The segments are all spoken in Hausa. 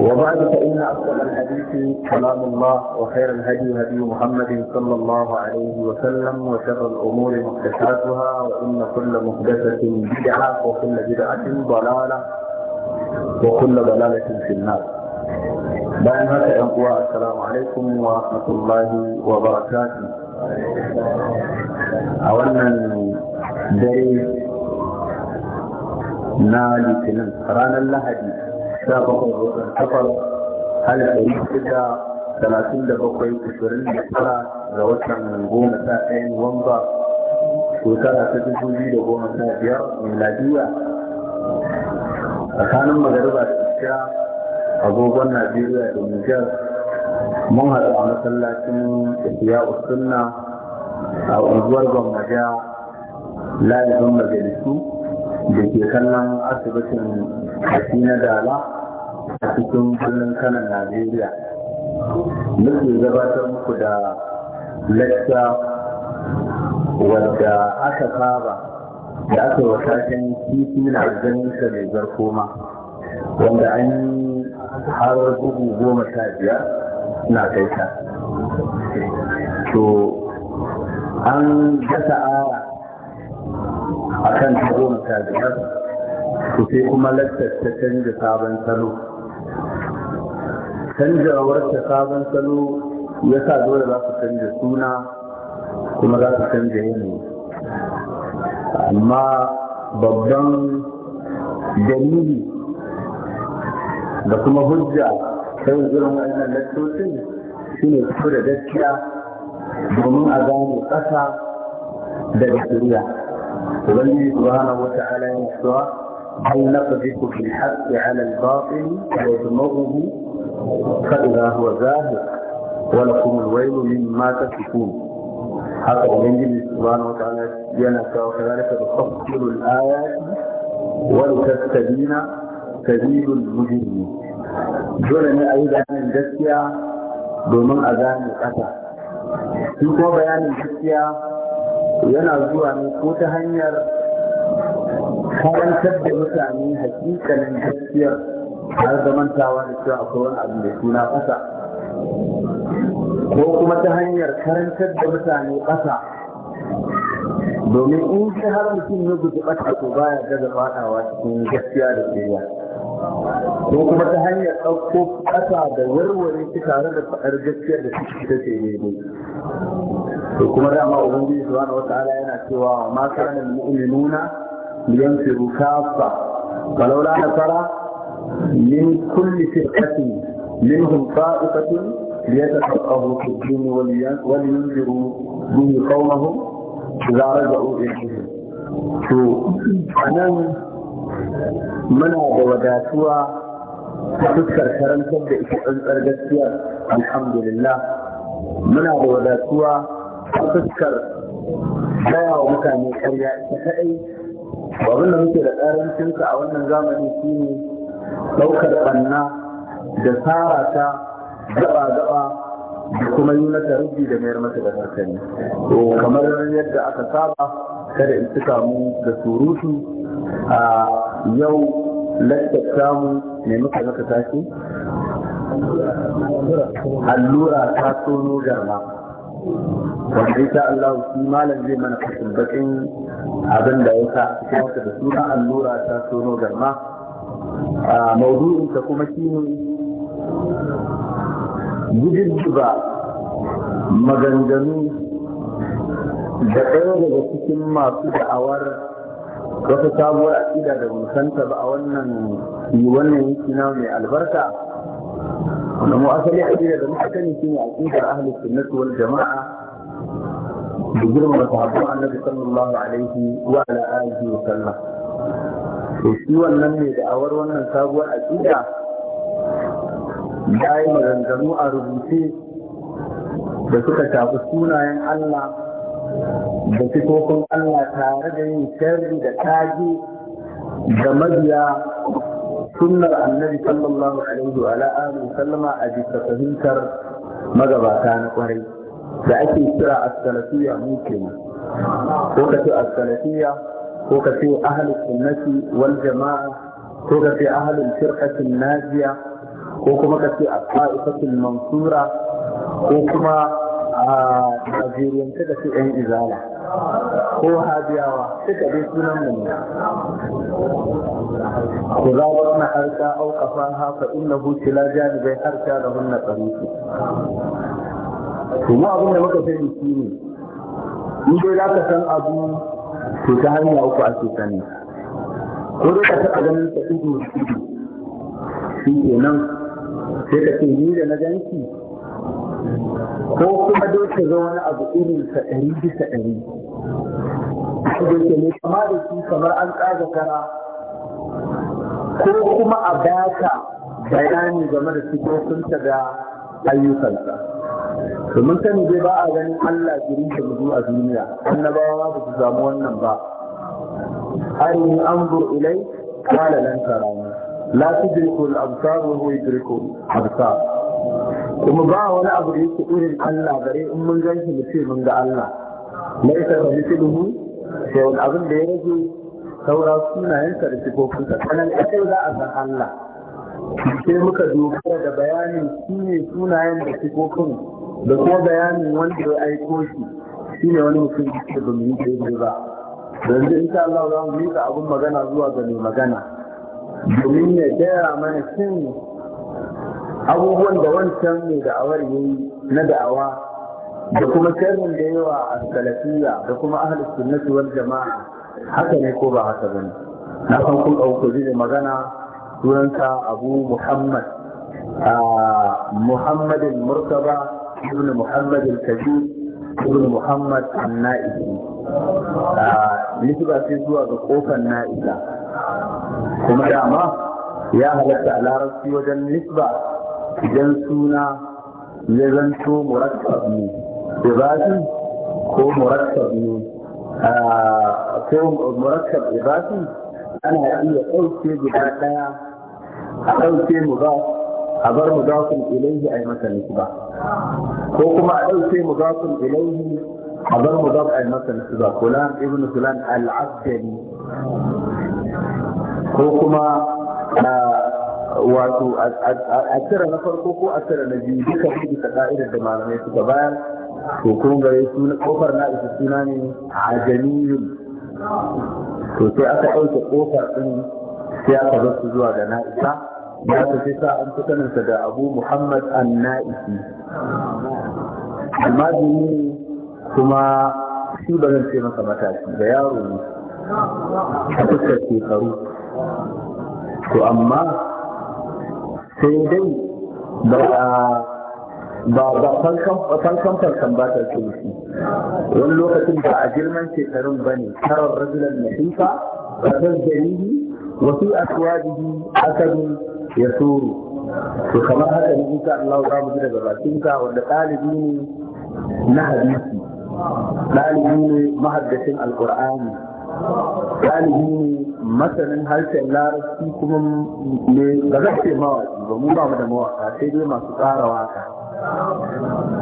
وبعد فإن أفضل الحديث كلام الله وخير الهدي هدي محمد صلى الله عليه وسلم وشر الأمور محدثاتها وإن كل محدثة بدعة وكل بدعة ضلالة وكل ضلالة في النار. بعد هذا السلام عليكم ورحمة الله وبركاته. أولا دليل نالي في رانا لهدي sha bakwai watan takwas hal ɗari shida talatin da bakwai ishirin da tara ga watan goma sa ɗaya nuwamba shekara ta dubu biyu da goma sa biyar miladiya tsakanin magariba da isha agogon najeriya da nijar mun haɗu a masallacin ya usunna a unguwar gwamnati lalibin majalisu da ke kallon asibitin kashi na dala a cikin birnin kanan Najeriya. Muke gabatar muku da lakta wadda aka saba da aka wa kifi titi na aljaninsa mai zarkoma wanda an yi har bugu goma sha biyar na kai ta. To, an gasa ara a kan ta goma sha biyar, to sai kuma lakta ta canza sabon salo. canjawar ta sabon salo ya sa dole za su canja suna kuma za su canja yanayi amma babban dalili da kuma hujja sai irin wannan lattocin shi ne fito da gaskiya domin a gane ƙasa da shirya ubangiji subhanahu wa ta'ala ya cewa هل نقذف في الحق على الباطل ويضمره فإذا هو ذاهب ولكم الويل مما تكفون هذا من جل سبحانه وتعالى ينسى وكذلك تفصل الآيات ولتستدين تزيد المجرمين جل من أيضا من جسيا بمن أذان في سيكو بيان الجسيا ينزل عن قوت هنير karantar da mutane hakikanin gaskiya har da mantawa da cewa akwai wani abu mai suna ƙasa ko kuma ta hanyar karantar da mutane ƙasa domin in shi har mutum ya guji ƙasa to baya gaza faɗawa cikin gaskiya da tsiriya ko kuma ta hanyar ɗauko ƙasa da warware shi tare da faɗar gaskiya da suke ta ce to kuma dama ubangiji subhanahu wataala yana cewa ma kana mu'minuna لينفروا كافة ولولا نفر من كل فرقة منهم طائفة ليتفقهوا في الدين ولينذروا به قومهم إذا رجعوا إليهم أنا muna da wadatuwa ta fuskar karantar da ita tsantsar gaskiya alhamdulillah muna da wadatuwa ta fuskar wa mutane karya ita abin da muke da karancinsa a wannan zamani shine ɗaukar ɓanna da tsara ta gaba da kuma yi mata rubi da mayar mata da hankali to kamar yadda aka saba kada in cika mu da surutu a yau lantarta mu ne muka zaka tashi allura ta tono garma wanda insha Allah shi malam zai mana kasin bakin abin da ya sa wata da suna allura ta sono garma a maudu'in ta kuma shi ne gudunzuba maganganu da ɗaya daga cikin masu da'awar wata sabuwar aƙida da musanta ba a wannan yi wannan yanki na mai albarka wanda mu asali aqida da muka sani shine aqidar ahli sunnah wal jama'a da girmama sahabban annabi sallallahu alaihi wa ala alihi wa sallam to shi wannan ne da awar wannan sabuwar aqida ya yi maganganu a rubuce da suka tafi sunayen Allah da sifofin Allah tare da yin sharri da kaji da mabiya sunnar annabi sallallahu alaihi wa alihi sallama a bisa fahimtar magabata na kwarai da ake kira as-salafiyya mu kenan ko ka ce as-salafiyya ko ka ce ahlus sunnati wal jama'a ko ka ce ahlul firqatin najiya ko kuma ka ce as-sa'ifatul mansura ko kuma a ah, Najeriya ka ce 'yan izala ko hajiyawa suka bi sunan mu ne ku za wa na harka au kafan haka inna hu tila janibai harka da hunna tsariki kuma mu abin da muka sani shi ne in dai za ka san abu to ta hanya uku ake sani ko dai ka taɓa ganin ta ido shi ke nan sai ka ce ni da na ganki ko kuma dai ka ga wani abu irin sa ɗari bisa ɗari da ke ne kama da shi kamar an tsaga kara ko kuma a baka bayani game da sifofinta da ayyukansa domin sani dai ba a ganin Allah jirin da mutu a duniya annabawa ba su samu wannan ba arin anzur ilai qala lan tarani la tudriku al-absar wa huwa yudriku al-absar kuma ba wani abu da yake irin Allah bare in mun ganshi mu ce mun ga Allah laisa ka mithluhu sai abin da ya rage saura sunayensa da sifofinsa sanan kai za a san Allah sai muka dogara da bayanin shi ne sunayen da sifofin da kuma bayanin wanda ya aiko shi shi ne wani mutum da ba mu yi ba yanzu insha Allah za mu miƙa abin magana zuwa ga mai magana domin ya gaya mana shin abubuwan da wancan mai da'awar yayi na da'awa da kuma sharrin da yawa a salafiya da kuma ahalus sunnati wal jama'a haka ne ko ba haka bane na san kun dauko da magana sunanta abu muhammad a muhammad al-murtaba ibn muhammad al-kajib muhammad an-na'i a zuwa ga ƙofar na'ida kuma dama ya halatta a larabci wajen nisba idan suna zai zanto murakkab ne إغاثي هو مركب آه، هو مركب إغاثي أنا هي يعني أول شيء بهذا أول شيء مضاف أبر مضاف إليه أي مثل الاتباع هو كما أول شيء مضاف إليه أبر مضاف أي مثل الاتباع فلان ابن فلان العبد هو كما wato a نفر كوكو أثر نجيب a tsira na biyu to kun gare suna kofar na isa suna ne ajamiyun to sai aka ɗauke kofar ɗin sai aka bar su zuwa ga na'isa ya ta fi sa an fi saninsa da abu muhammad an na'isi amma ne kuma shi ba zan ce maka matashi da yaro ne a fuskar shekaru to amma sai dai ba a ba ba fankan fankan ba ta ce wani lokacin ba a girman shekarun ba ne tarar rajulan nasifa a tasdarihi wasu aswajihi asadu ya suru to kamar haka ne insha Allah za mu ji daga bakinka wanda ɗalibi ne na hadisi ɗalibi ne mahaddacin alƙur'ani ɗalibi ne masanin harshen larabci kuma ne ba zai ce mawaƙi ba mu ba mu da mawaƙa sai dai masu tsara waƙa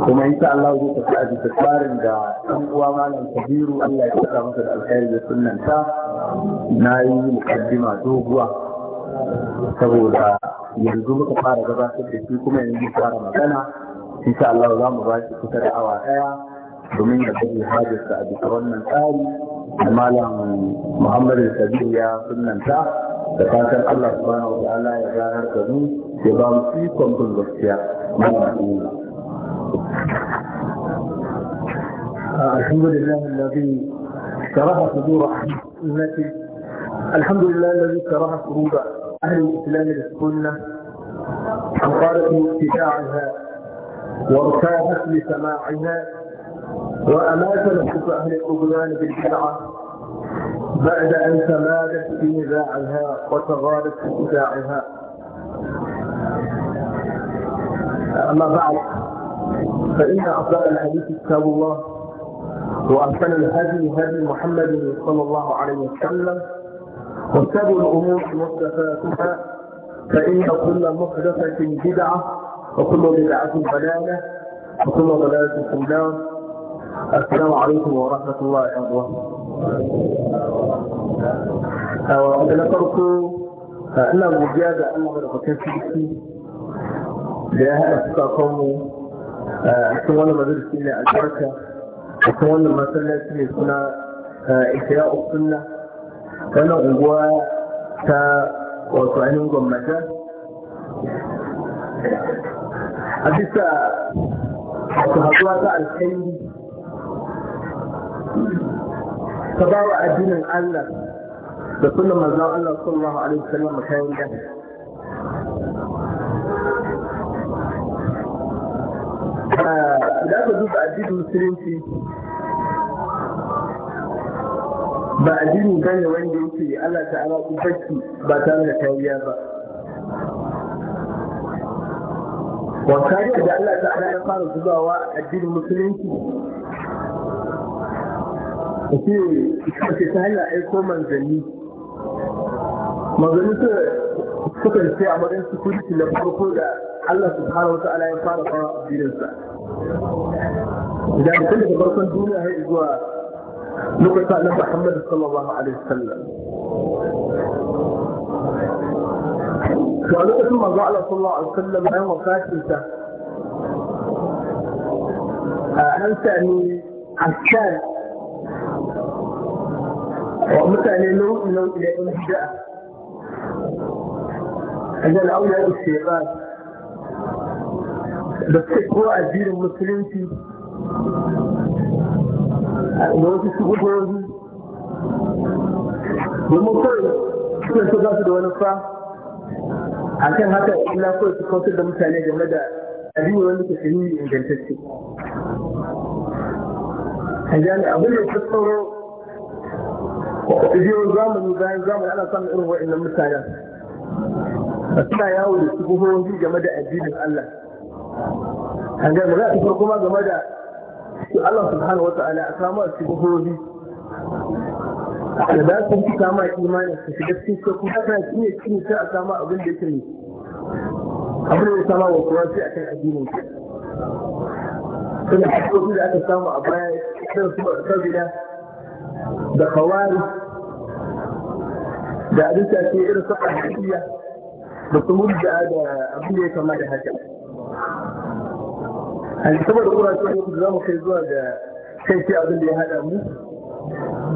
kuma ita Allah zai tafi a bisa tsarin da ɗan uwa malam Kabiru Allah ya saka masa da alkhairi da sunnanta na yi mukaddima doguwa saboda yanzu muka fara gabatar da shi kuma yanzu fara magana sha Allah za mu ba shi kusa da awa ɗaya domin ya bari hajjarsa a bisa wannan tsari da malam Muhammadu Kabiru ya sunnanta da fatan Allah subhanahu wa ta'ala ya da mu ya ba mu bin gaskiya الحمد لله الذي كره صدور أمتي الحمد لله الذي كره صدور أهل الإسلام للسنة وقالت اتباعها وارتاحت لسماعها وأماتنا حب أهل القبلان بالبدعة بعد أن تمادت في نزاعها وتغالت في اتباعها أما بعد فإن أفضل الحديث كتاب الله وأحسن الهدي هدي محمد صلى الله عليه وسلم وشر الأمور محدثاتها فإن كل محدثة بدعة وكل بدعة ضلالة وكل ضلالة في النار السلام عليكم ورحمة الله وبركاته a na farko ina godiya ga Allah da bakin sarki da ya haɗa sukakonmu a cikin wani majalisi ne a jarka a cikin wannan masallaci ne suna ikira usunna wannan unguwa ta wato ainihin gwamnati a bisa su haɗuwa ta alkhairi ka ba wa addinin Allah da sunan manzon Allah sallallahu alaihi wasallam kayan gaba da ah, ka duba addinin musulunci ba addini ba ne wanda yake Allah ta'ala ubanci ba tare da kariya ba wa kariya da Allah ta'ala ya fara zubawa addinin musulunci ce ce ta hanyar aiko manzanni manzanni suka ce a madan security na farko da Allah subhanahu wa ta'ala ya fara fara addininsa da mutum daga farkon duniya har zuwa lokacin annabi Muhammad sallallahu alaihi wasallam to a lokacin manzo Allah sallallahu alaihi wasallam bayan wafatinsa an sami akan wa mutane nau'i nau'i na ɗan bid'a ajal aula ba, da suke ko addinin musulunci da wasu shugabanni domin kawai suna so su da wani fa a kan haka ina kawai su kawar da mutane game da addini wani ke shiri ingantacce a jami'a abin da ta tsoro biyo zamani bayan zamani ana samun irin mutane. mutanen suna yawo da su buhohi game da addinin Allah an ga magana ta kuma game da Allah subhanahu wata'ala a samu su buhohi da za su fi kama imanin su shiga cikin su kuma ta iya cin ta a samu abin da yake ne abin da ya sama wa kuma sai akan addinin su suna da aka samu a baya kan su ba da kawari da abinta ce irin saka ƙahiriya da su da abin da ya kama da haka a saboda kuracin da za mu kai zuwa ga kai ce abin da ya haɗa mu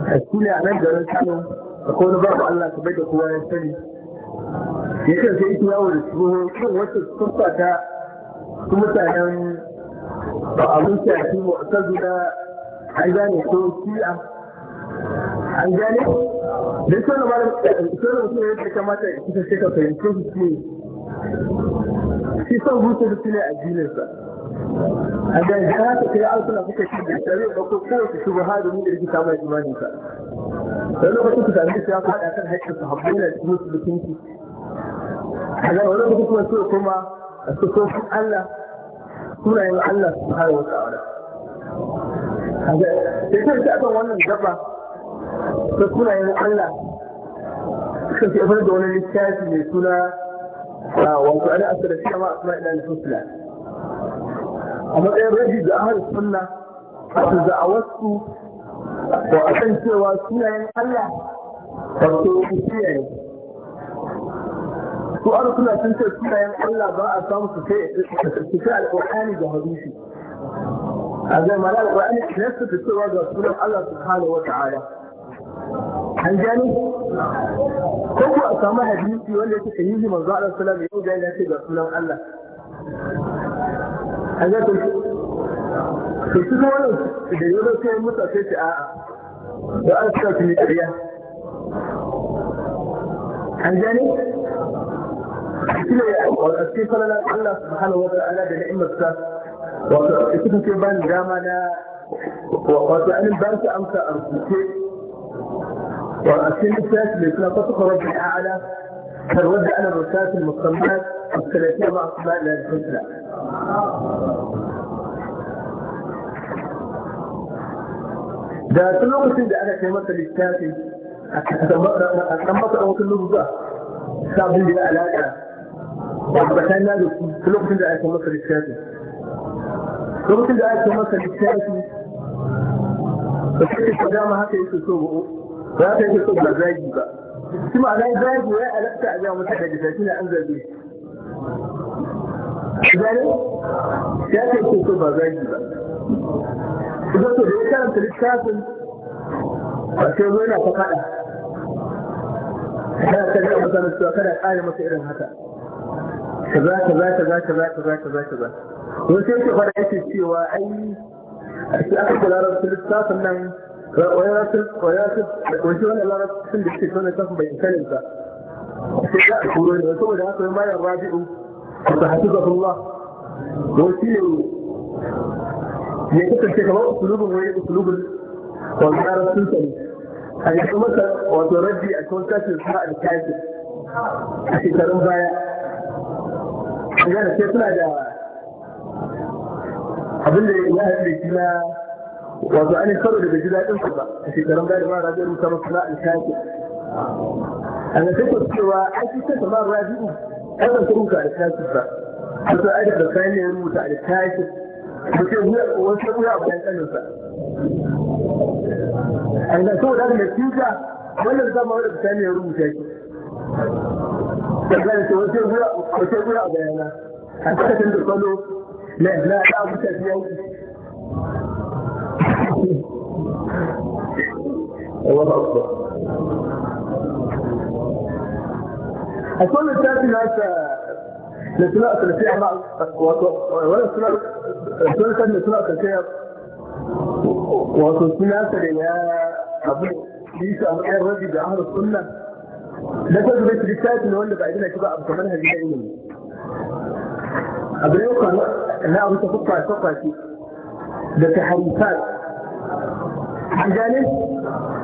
a shi ne a nan garin kano akwai wani babu allah ka bai da kowa ya sani ya kan sai ita yawo da su kan wata siffa ta su mutanen abin shafi zuwa an gane ko shi'a an gane duk sauran malam eh, sauran mutum ne ya kamata ya kusa shi ka fahimci su ne shi son da su ne addininsa a da ya haka kai an suna kuka shi da tsare ba ko kowace shi har da domin da rikita mai imaninsa sai lokacin su sami su ya faɗa kan haƙƙin su haɓɓu da su musu mutunci a da wani lokacin kuma su kuma a su kofin Allah sunayen Allah su hara wata wada. Sai kai ta akan wannan gaba da sunayen Allah suka fi da wani littafi mai suna wato ana asa da shama a suna ilal husna a matsayin rabi da ahal sunna wato da a wasu to a kan cewa sunayen Allah wato usiya ne su an suna sun ce sunayen Allah ba a samu su ce alƙur'ani da hadisi a zai mara alƙur'ani ne su ta cewa ga sunan Allah subhanahu wa ta'ala an gani ko ku a samu hadisi wanda yake sayi yi manzo Allah sallallahu alaihi wasallam ya ce ga sunan Allah an ga to su ko wannan da yau sai mun ta sai ce a da an sa ki kariya an gani kila ya ce falala Allah subhanahu wa ta'ala da ni'imar sa wato ita ce ban dama na wato an ba su amsa a rubuce والسن الثالث بيكون تطلق رب الأعلى فالوضع على الرسالة المصممات الثلاثية مع أصباء للخسرة ده تلوك سيدة أنا كلمات الثالثي أتنمط أوك النبضة سابق لي الألاجة يعني وأتبتان نادو تلوك سيدة أنا كلمات الثالثي تلوك سيدة أنا كلمات الثالثي بس كيف تجامع هكي يسوسوه ba ta yi ba zagi ba shi ma'ana zagi ya halatta a jama'a mutane da zafi na an zabe gane ya ce ke so ba zagi ba idan to da ya karanta littafin a ce zo yana ta faɗa kana ta ga mutane cewa kada ƙare masa irin haka kaza kaza kaza kaza kaza kaza kaza wani sai ke faɗa yake cewa ai a cikin aka kula da littafin nan wasu wani larabcin da ke sanar kasu bai sanin ta sai ya kuro ne wasu wanda aka yi mayar rabi'u ta hafi zafullah wasu ne ya kasance kamar usulubin wani usulubin wani larabcin sa ne a yi kuma wato rabbi a kan kashin sa a kashi a shekarun baya yana sai suna da abin da ya haɗe shi na wato an karo da bai ji daɗin ku ba a shekarun gadi ma rabi'u musa masu na alkaki a ga take cewa an fi kasa ma rabi'u an zan rubuta alkaki ba a sa aida da kayan ya rubuta alkaki ba ce wasu wuya a bayan ƙaninsa a ga saboda haka da tuta wannan zama wanda da kayan ya rubuta shi da gane ce wasu wuya a bayana a cikin da kwallo na na da abu tafiya هو الأفضل أقول الثالث لأسا لأسناء ثلاثية مع ولا أسناء أسناء لأسناء ثلاثية وتسناء ثلاثية أبو ليس أبو إيه الرجل بأهل السنة ده تجربة الثالث اللي هو اللي كده أبو كمان هجي منه أبو يوقع لا أبو تفقع تفقع فيه ده تحريفات an gane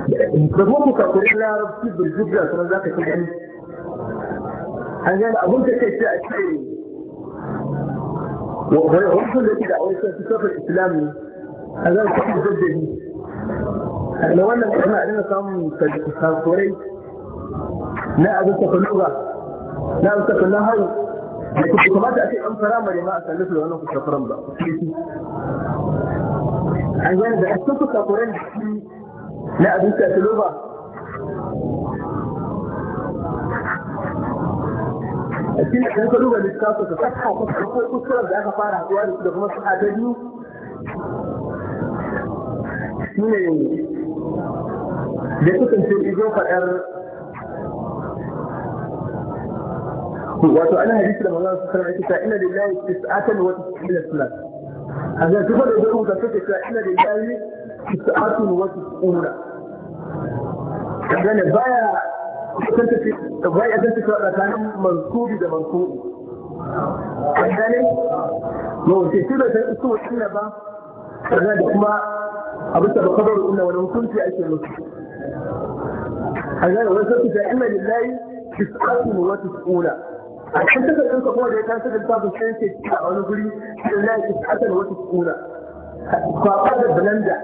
da kuma ka koyi larabci birgidda kuma za ka fi gani an gane abin da kai ce a ce wasu da ke da aure sun fi safar islami a zan kuma zaddani da wannan kuma a dina samun sarkurai na abin ta faluga na abin ta faluga hau da kuma kamata a ce an fara mare ma a sallisa da wannan kusa faran ba عشان بحسكوا تقولين لا دي تقلوبة أكيد عشان تقلوبة دي تقلوبة فتحة وفتحة وفتحة بقى فارع أقوال دقمة صحة تجنو مين يوم دي تقلوبة دي من وأتو أنا هديث لما الله سبحانه وتعالى إن لله تسعة وتسعة من ان ان ان ان ان ان من من من من من من الثلاث a yanzu ba da zai rubuta take cewa ina da yayi sa'atun wasu tsuna baya tantance baya tsakanin da shi da sai su wata ba da kuma abin da kabar inna wani hukunci ake musu kaga wasu a kan suka ɗinka kuma da ya kan suka sa su sai ce a wani guri da na yi kasar wata tsura kwafa da blanda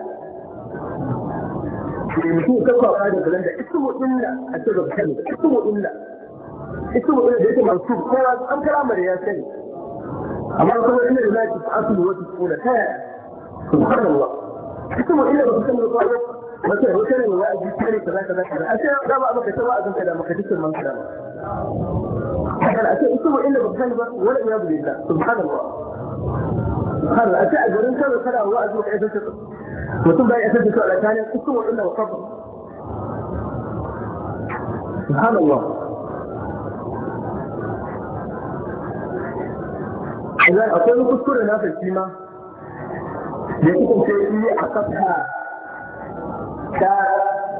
da mutum ka kwafa da blanda ismu illa a ce ba ka sani ismu illa ismu illa da yake masu kowa an kara mara ya sani amma kuma ina da na yi kasar wata tsura ta yaya subhanallah ismu illa ba ka sani ba مثلا هو كان الواحد يتكلم كذا كذا كذا عشان طبعا ما كتبها اظن كذا ما كتبت المنكر kana a ce ita wa inda ba sani ba wani ina bude ta subhanallah har a ce mutum isar da ba akwai kuskure na kai da a kafa ta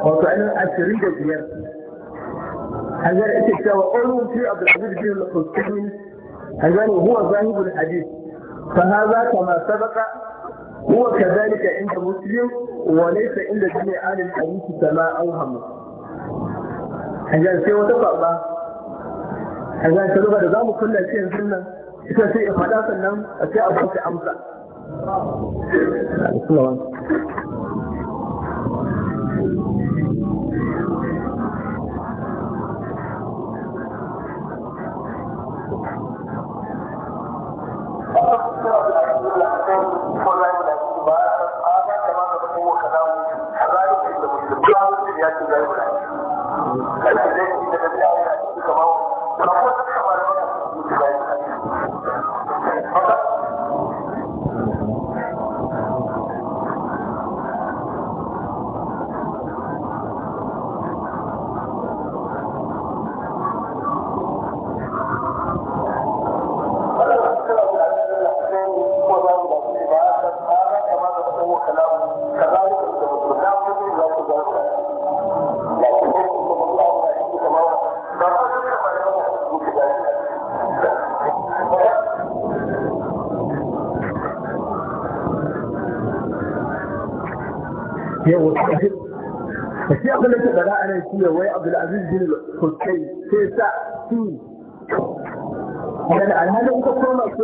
wato ashirin da biyar hanzar ake cewa ƙwarin fi a dalilin biyu na kuskuri hanzar huwa zahibul hadis fa haza kama sabaka huwa kadhalika inda muslim wa laysa inda jami alil hadis kama awham hanzar sai wata baba hanzar ta zuba da zamu kulla shi yanzu nan ita sai ya faɗa sannan a sai a baka amsa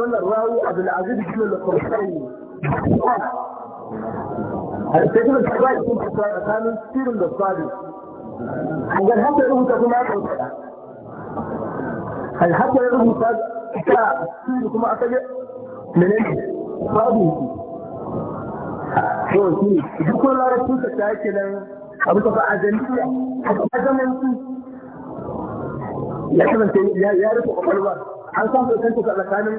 يقول الراوي عبد العزيز بن القرشي الكاتب الكبائر كنت كان كثير من الصادق وقال حتى له كما هل حتى له كثير كما أتجع من صادق to shi duk kun larabcin ka ta yake nan abu ta fa'a jami'a a zamanci ya kasance ya rufe kwakwalwa an san kai kanta tsakanin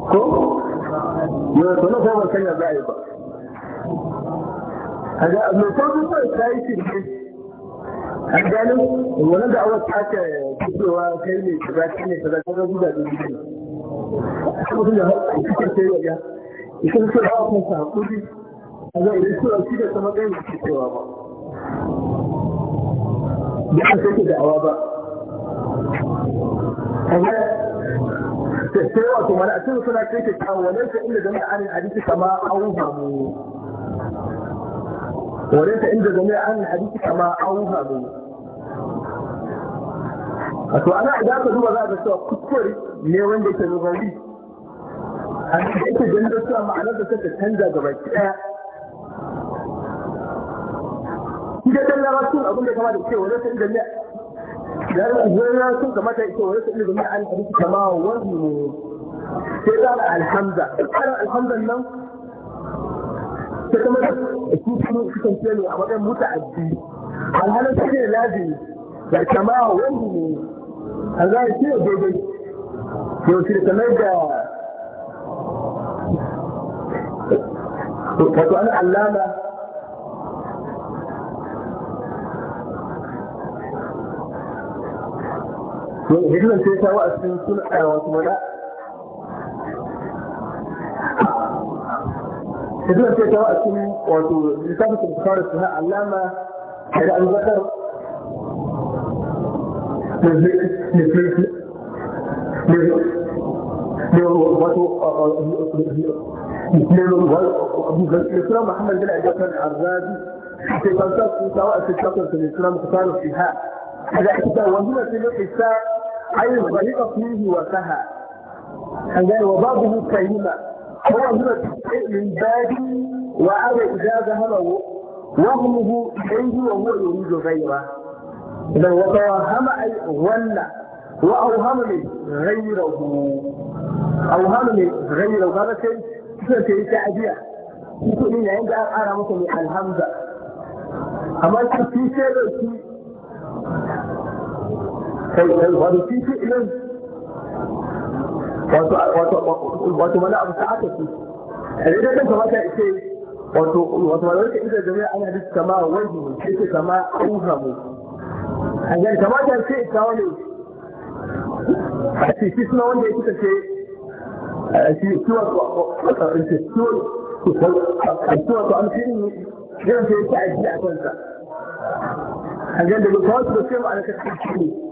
ko yana tona ko ban za a yi ba a ga a mai ta yi shirme a gani wani da awar ta ke fitowa kai ne za kai ne za kai rabu da dubu ne a ta mutum da ne, ta yi ya ikin su da hakan sa hakuri a ga idan cewa shi da sama gani ke cewa ba da aka sai ke da'awa ba sai wato mana a suna kai ta kawalan ta inda jami'a an hadisi kama auhamu wadan ta inda jami'a an hadisi kama auhamu wato ana idan ka duba za ka cewa kuskure ne wanda ke lugawi an da ita jami'a ma'anar da ta canza gaba ɗaya Ida abin da kama da yar zuwa sun ga mata wani sun zama an abin kama wani ne sai za a alhamza ƙarar alhamzan nan ta kama da a wajen mutu a ji alhalin su ne lazi da kama wani ne a za a ciye dobe to shi da kamar da wato ana allama hikiman sai kawo a cikin suna a wasu mana hikiman sai kawo a cikin wato lissafin kumfara suna alama da an zakar الإسلام محمد بن عبد الله العرابي في كونسات سواء في الشكل في الإسلام تفارق فيها هذا وهنا في الإسلام أي غلط فيه وسهى وضعه كلمة هو هنا من باب وأبى إجازة ذهبه وهمه إليه وهو يريد غيره إذا وتوهم أي ظن وأوهم من غيره أوهم من غيره هذا شيء شيء تعبير يقول إن عند أنا مثل الهمزة أما في شيء kai kai wani fi fi ilin wato wato wato mana abu ta aka fi a idan kan kamata ita wato wato wani wata idan jami'a ana da kama wajen shi ke kama auhamu a yan kamata ce ita wani a cikin suna wanda ya kuka ce a cikin wato amfani ne zai ce a cikin a kansa a yan da ba kawai su da ce ma a kasar cikin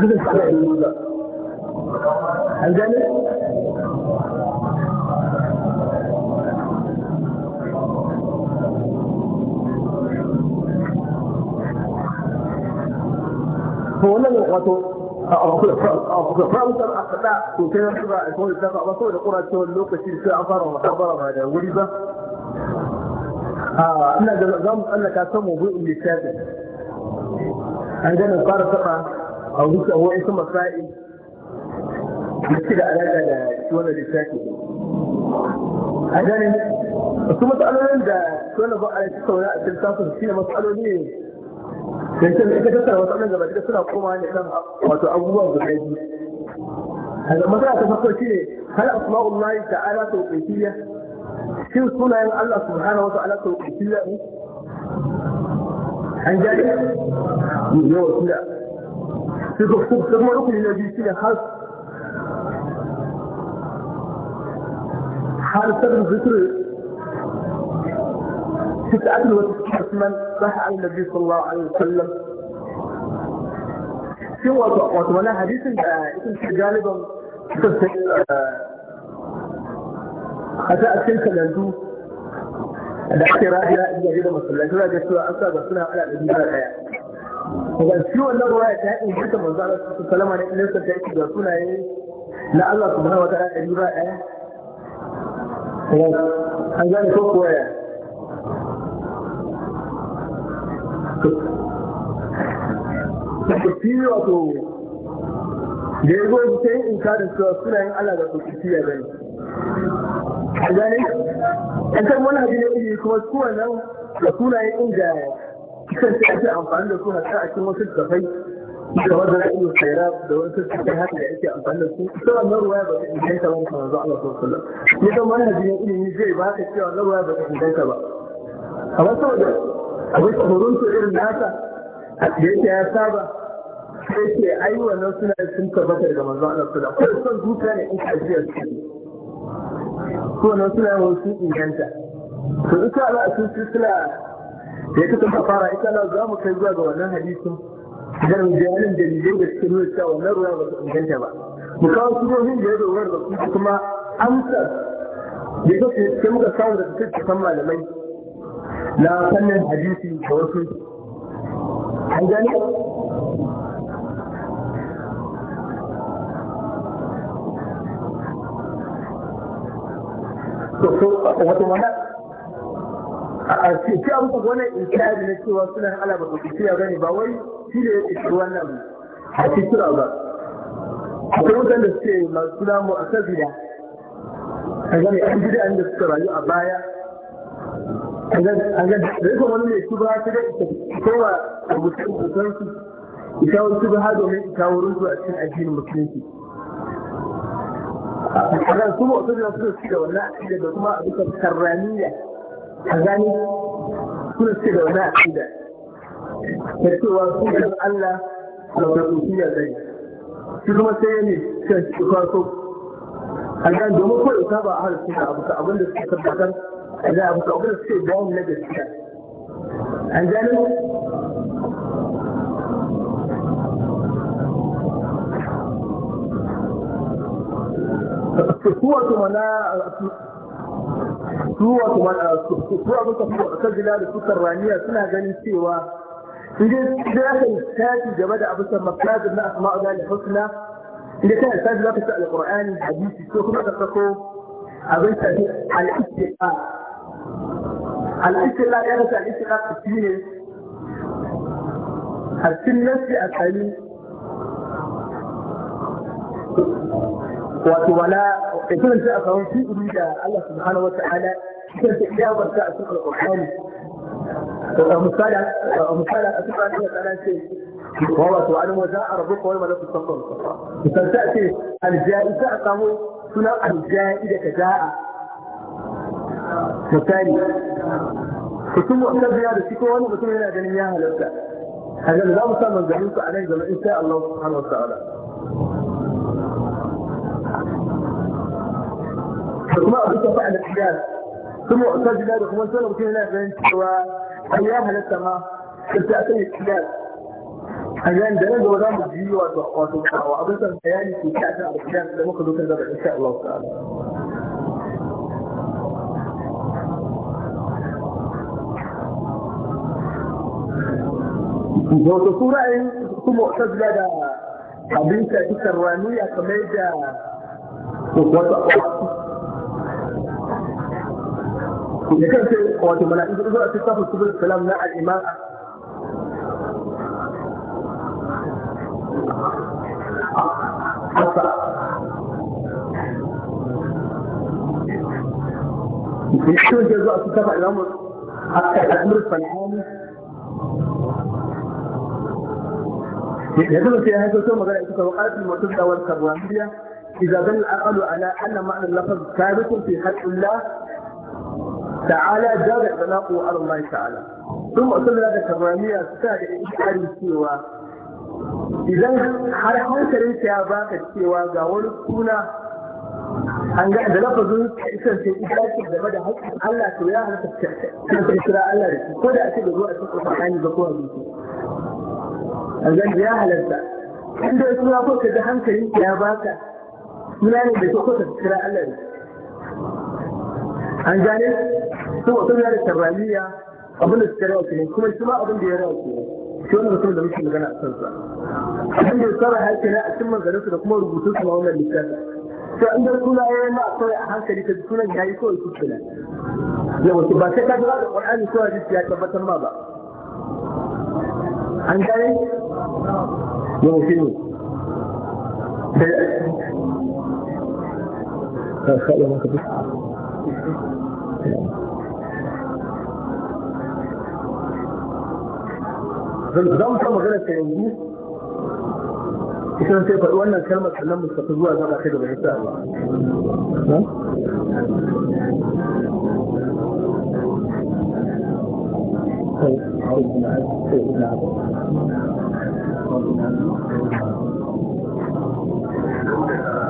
شوف الصحيح الموضوع الجامع فقلنا لإخوته فأنتم أخطاء وكان يحبها يقول الدفع رسول القرى تولوك الشيء أثر وحضر هذا ولبة أنا جمع أنك أتم وضيء للكاتب an gana fara saba a wuce wa'in su masa'i da ci da alaƙa da shi wannan littafi a ganin su matsalolin da shi wannan ba a yi saura a cikin tafin shi ne matsaloli ne da ita da ita tattara matsalolin gaba ɗaya suna koma ne kan wato abubuwan guda biyu a matsala ta farko shi ne hal asma'ullahi ta'ala tawqifiyya shin sunayen Allah subhanahu wa ta'ala tawqifiyya ne an gani من هو كلا وتتحرك من صح عن النبي صلى الله عليه وسلم سوى وتولى حديث اسم جانبا أتاء الشيخ الأندوس da ake rafiya inda gida masallaci za a ga cewa an sa ga suna daga shi wannan ya ta haɗin duka manzo Allah su salama ne ilin ta yi da sunaye na Allah subhanahu wa ta'ala ɗari ba ɗaya an gane ko kuwa ya shi wato da ya zo ta yin inkarin cewa sunayen Allah da kusurciya ba ne an gane? an kan wani hajji yi kuma su wannan da sunayen inda kan sai ake amfani da su hatta a cikin wasu tafai da wanda da ilmi khaira da wasu tafai haka da ake amfani da su ita wannan ruwaya ba ta inganta ba ta zuwa Allah sallallahu alaihi wasallam ne dan manhajin ilimi zai ba ka cewa wannan ruwaya ba ta inganta ba amma saboda akwai tsoron su irin nasa da yake ya saba sai ke aiwa wannan suna sun tabbata daga manzo Allah sallallahu alaihi wasallam son zuciya ne in ka ji su wannan suna wasu inganta to ita Allah sun suna ya kuka ka fara ita Allah za mu kai zuwa ga wannan hadisin da mu bayanin dalilai da suke nuna cewa wannan ruwa ba su inganta ba mu kawo surohin da ya dogara da su kuma amsa da ta ce muka samu da suka san malamai na fannin hadisi da wasu an gani to so wata mana a cikin abu wannan inkari na cewa suna Allah ba su ciya gani ba wai shi ne ya ci wannan a cikin ba akwai mutane da suke masu namu a kan gida a gane an gida an da suka rayu a baya a gane da yake wani mai shi ba ta da kowa a mutum su ita wani su ba ha domin ita wurin su a cikin addinin musulunci a kan su ba su da su da wannan da kuma a bisa karraniya a gani suna ce da wani aƙida da cewa su da Allah da wani kusuriyar zai su kuma sai ne kan shi farko a gani domin kawai ta ba a halar suna abu ka abin da suka tabbatar a gani abu ka abin da suke bayan na gaskiya an gani هو ثمناء su wasu kabila da su karraniya suna ganin cewa idan aka yi tafi game da abin makazin na asma'u da husna idan kana tafi za ka ci alƙur'ani hadisi ko kuma ka sako abin tafi al'istiqa al'istiqa ya rasa al'istiqa shi ne a cikin nasi a tsari wato wala da kiran ta a kawon fi'ili da Allah subhanahu wa ta'ala kiran ta iya barta a cikin alƙur'ani misali misali a cikin alƙur'ani ta'ala ce wawa to an waza a rabu kawai ma lafi sabon misali ta ce alja'i ta a samu suna alja'i da kaja'a misali mutum wata biya da cikin wani mutum yana ganin ya halarta a yanzu za mu sa manzanninsu a nan gaba in sha Allah subhanahu wa ta'ala kuma a duka fa'al ahdath su mu'tazila da kuma sunan mutum yana ganin cewa ai ya halatta ma sai ta san ihdath a yayin da yanzu za mu ji wato wato kawo abin san bayani ke ta kan ihdath da muka zo kan gaba insha Allah ta'ala wato su ra'ayin su mu'tazila da abin ta duka raniya kamar da wato ya kanta wato mala'iku zuwa إذا subul salam na al'imam يحتاج جزاء تتبع الامر حتى الامر الصنعاني يدل في هذا الكلام مغالبة وقالت المعتزلة والكرامية إذا دل العقل على أن معنى اللفظ ثابت في حق الله da تعالى جارع بلاقه Sun الله تعالى ثم أصل هذا كرامية أستاذ إشعاري cewa idan har hankalin ta ya baka cewa ga wani suna an ga da lafazin isar sai ita ce game da haƙƙin Allah to ya halatta ta kira Allah da shi ko da ake da zuwa cikin Qur'ani ga ko hadisi an ga ya halatta inda suna ko ka ji hankalin ya baka suna ne da ko ka kira Allah da shi an gane su mutum ya da tarramiya abin da suka rawa kenan kuma shi ma abin da ya rawa kenan shi wani mutum da muke magana a kansa abin da ya saba ya kenan a cikin manzarinsu da kuma rubutun su ma wannan littafin sai an bar suna ya ma kawai a hankali ka ji sunan yayi kawai su kenan yawa ba sai ka jira da qur'ani ko hadisi ya tabbatar ma ba an gane yawa shi ne da ya ka za mu kama magana ta yanzu ita sai faɗi wannan kalmar sannan mu tafi zuwa gaba ta gaba ita ba Thank you.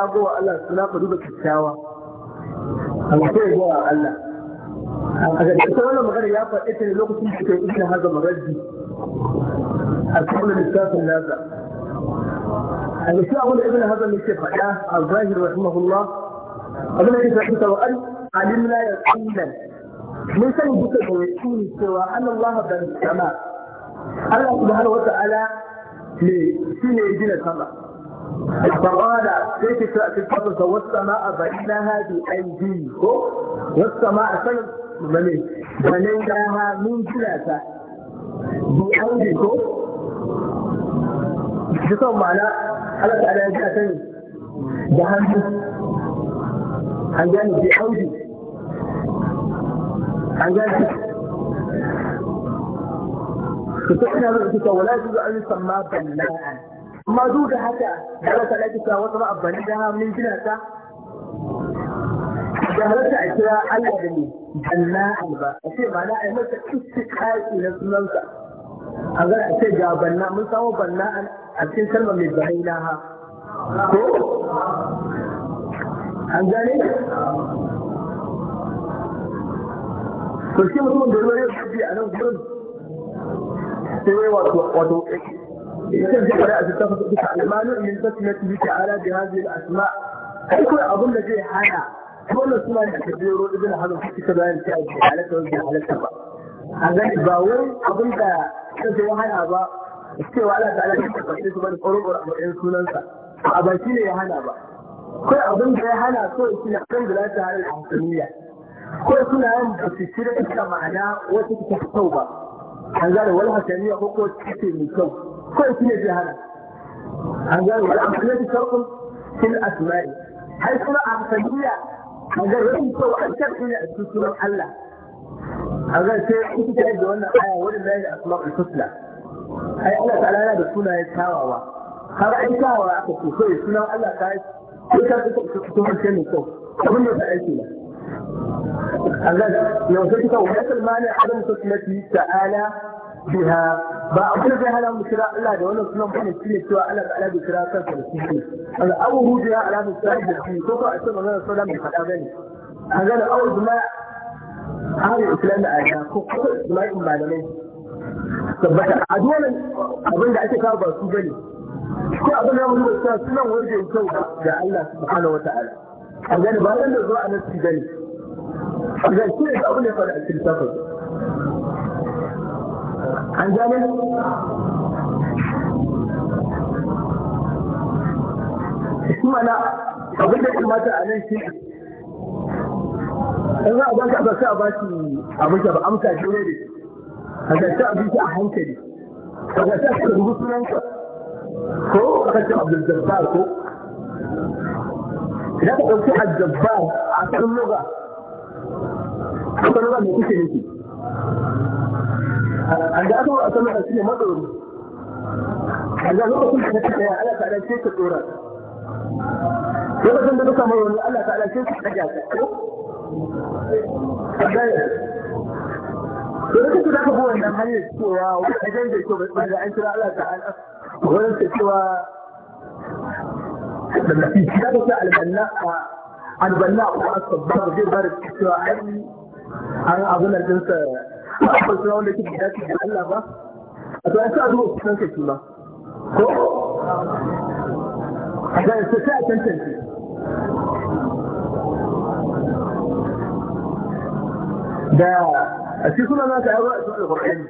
tsago wa Allah suna ka duba kyakkyawa a mutum ya wa Allah a ga ita wannan magana ya faɗi ta ne lokacin da kai ita haza maraddi a cikin lissafin nasa a ga shi abin da ibn hazan yake faɗa a zahir rahimahullah abin da yake faɗi ta wa'an alimna ya tsinan mun sani duka da yakini cewa Allah ban sama Allah subhanahu wa ta'ala ne shi ne gina sama فقال كيف تتفضل والسماء بنيناها بأيديكم والسماء بنيناها من ثلاثة بأيديكم بكم معنى ألا تعالى جاءتين جهنم عن جانب بأيدي عن فتحنا بأيديك ولا يجوز أن يسمى بناء amma duk da haka da rasa lafiya wasu ba amfani da hannun gina ta da halatta a kira Allah da ni banna alba a ce ma na ai masa istiqaqi na sunansa a ga a ce ga banna mun samu banna a cikin kalmar mai bayyana ha ko an gane to shi mutum da ruwa ya a nan gurin sai wato wato استرجع ان تتفق بك ما نؤمن بسمته تعالى بهذه الاسماء الكل اظن زي حانا كل سنة يحتجروا ابن هذا الحكي تبان في على توجه على الكبا هذا باوي اظن ده كذا وهنا با استوى على تعالى تفسير بن قرب ورحمه سننسا ابا شيء يا هنا با كل اظن زي هنا سو شيء الحمد لله تعالى الحمدلله كل سنة هم بتفسير كمعنى وتتحسوا با هذا ولا هتنيه هو كل شيء من كوكب كويس ليه في هذا عن عملية أنا في الأسماء حيث لا عقلية أقل رمسة وأكثر من أسماء الحلة أقل شيء أنت تعد وأن آية ولله الأسماء الحسنى أي الله تعالى لا بسنا يتهاوى هذا أي تهاوى أخذ كويس سنة الله تعالى كيف تكون شيء من سوء أقول أنا تعالى أقل لو تكتب ويصل مانع عدم تسمتي تعالى biha ba abin zai hana mu kira Allah da wannan sunan bane shine cewa Allah da Allah bai kira kansa da shi al awru biha ala bi sahib da shi ko ko a ce manzon sallallahu alaihi wasallam bane ga da awru ma ahli islam da aisha ko in ko da malamai tabbata a dole abin da ake kawo ba su bane ko abin da mun da sunan wanda ya kyau da Allah subhanahu wataala kaga ba dan da zuwa nan su bane ga shi ne abin da ya faru a cikin an gane shi mana abin da kamata a nan shi in za a ba shi a basa a ba shi abin da ba amsa shi a gasa a hankali a gasa shi da rubutu ka ko a ka a a a mai an ga aka wasan da shi ne matsoro a ga lokacin da kake ya Allah ta'ala ce ka tsora lokacin da duka mai wani Allah ta'ala ce ka kaja ko to duka su daga buwan nan hanyar cewa wajen da ke da an kira Allah ta'ala wurin ta cewa da mafi shi daga ta albanna albanna ko asabba da zai bar cewa an abun nan dinsa akwai suna wanda suke dace da Allah ba a to ai sai a duba kusan ka suna ko a ga sai a tantance da a cikin suna na ka yawa a cikin alƙur'ani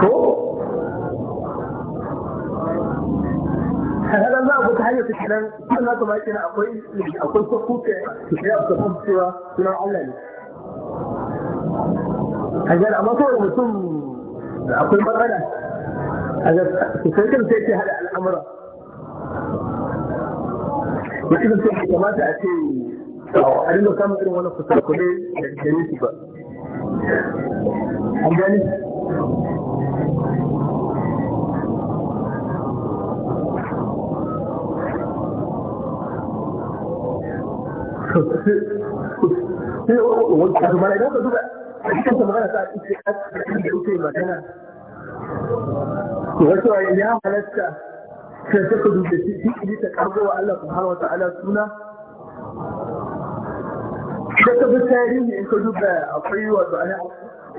ko a kaga za a buta hanyar su kenan suna na kuma kenan akwai akwai kwakwakwai su kai a kusan cewa suna Allah ne a jana amma kowane mutum akwai matsala a ga kusurkan sai ke hada al'amura ya isa sai kamata a ce a dinga samun irin wani kusurkule da gare su ba an gani wani kasu mara idan ka duba kanta magana ta ake asibitin da yake magana wato ya halatta sai ta ka duba shi shi ta karbo wa Allah subhanahu wata'ala suna da ka bi tarihi in ka duba akwai wato ana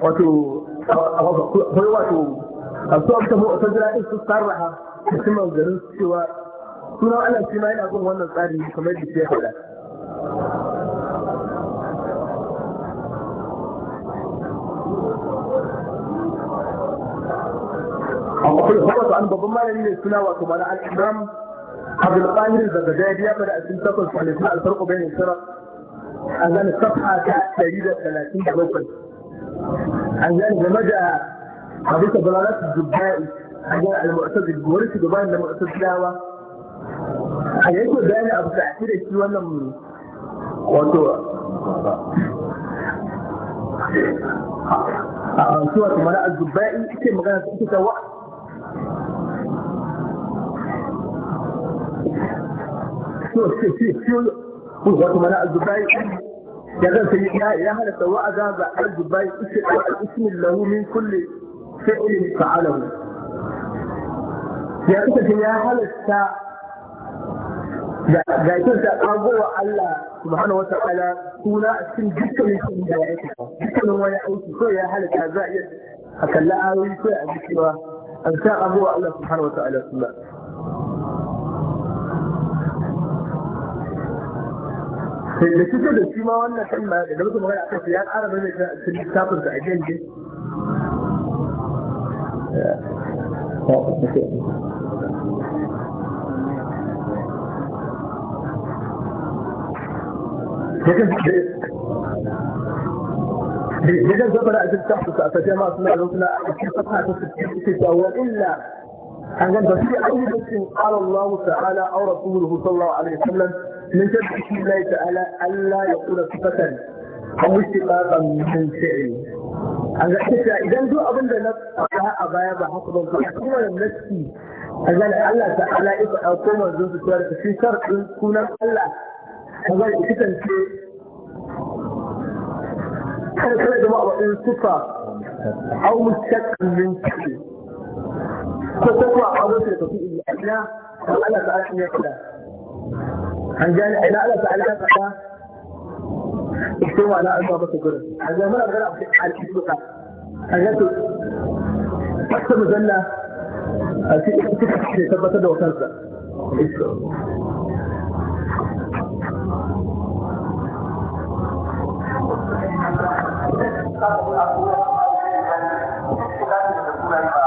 wato akwai wato a su amsa mu ta jira su sarraha da su manzarin cewa sunan Allah shi ma yana gun wannan tsari kamar da ke halatta akwai wato an babban malami ne suna wato mana al-imam abdul qahir zagadai ya bada a cikin takwas alifin al-farqu bayin sirat an gane safha ta 137 an gane game da hadisa balalat dubbai an gane al-mu'tazil wani shugaban da mu'tazilawa a yake bayani abu da ake da shi wannan wato a suwa kamar al-dubbai ita magana ta ita wa'ad wato mana azubai ya zan sai ya halatta wa'aza ga azubai ismin lahu min kulli fi'lin fa'alahu ya kuka ya halatta ga kin ta kagowa Allah subhanahu wata'ala suna a cikin dukkanin shi da ya aikata dukkanin wani aiki ko ya halatta za a iya a kalla ayoyi ko a bi cewa an sa abuwa Allah subhanahu wata'ala suna sai da fito da shi ma wannan kan ma da mutum magana akan ya ƙara mai da cikin littafin da ajiyar ne Gidan zafara a cikin tafi a tafiya masu na rukuna a cikin tafa ta suke tsawo illa an ganta shi a yi da cikin Allah ta'ala aure rasuluhu sallallahu alaihi wasallam من شر بسم الله تعالى ألا يقول صفة أو اشتقاقا من فعل a idan duk abin da na faɗa a baya ba haka ban faɗa kuma da nassi a ga Allah ta'ala ya faɗa ko manzon su tsara shi sharɗin sunan Allah a ga shi kance kar kar da ma wadin sifa aw mustaqqan min ko kuma Allah ya faɗa هنجان لا لا تعالى قطا استوى على اصابه الكرة هذا مرة غير على الكرة هذا تحت مجلة في تبقى تدوى فرزة Thank you.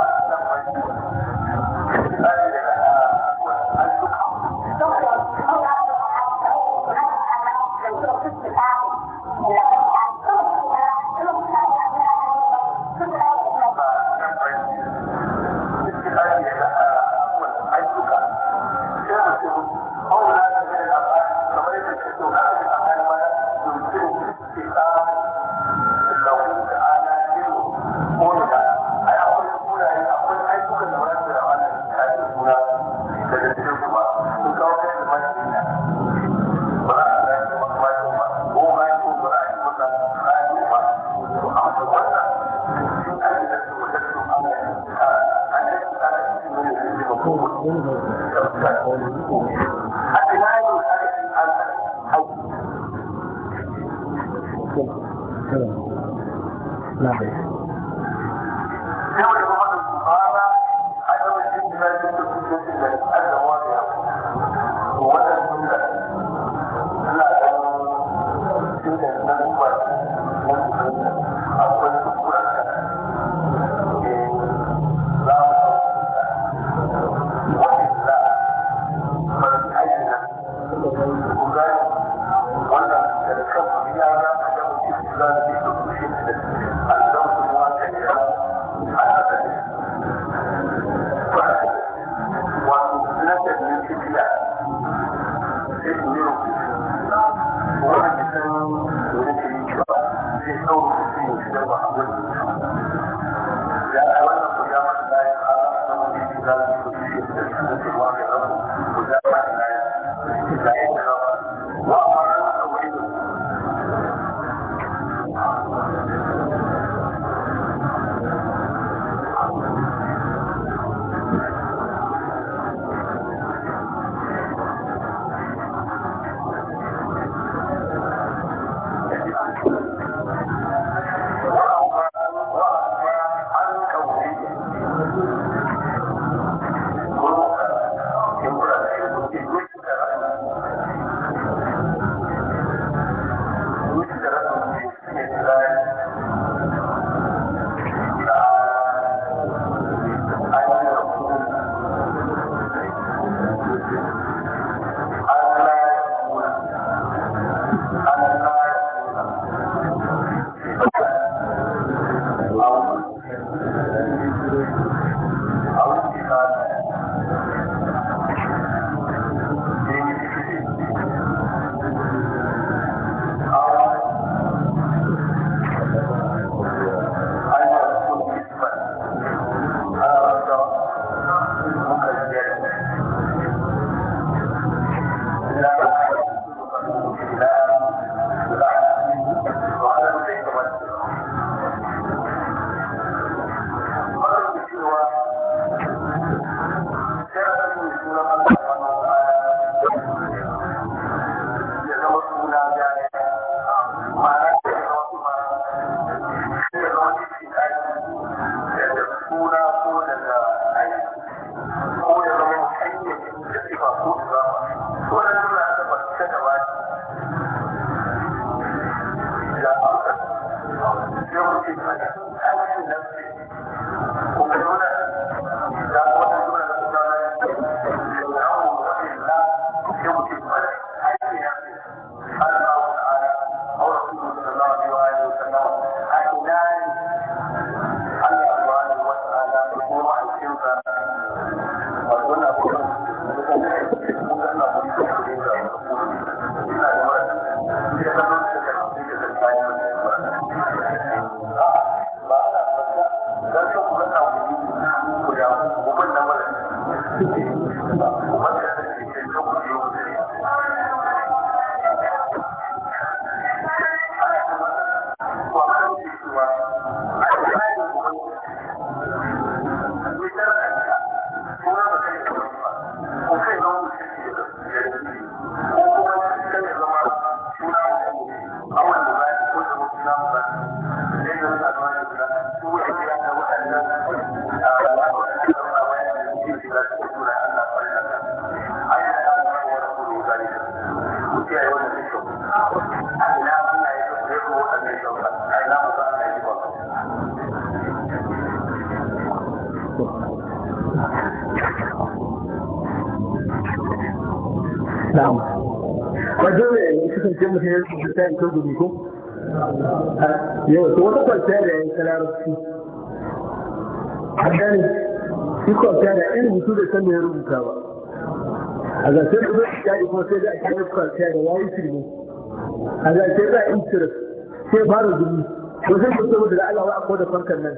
sai fara zubi to sai ku saboda da Allah wai akwai da farkan nan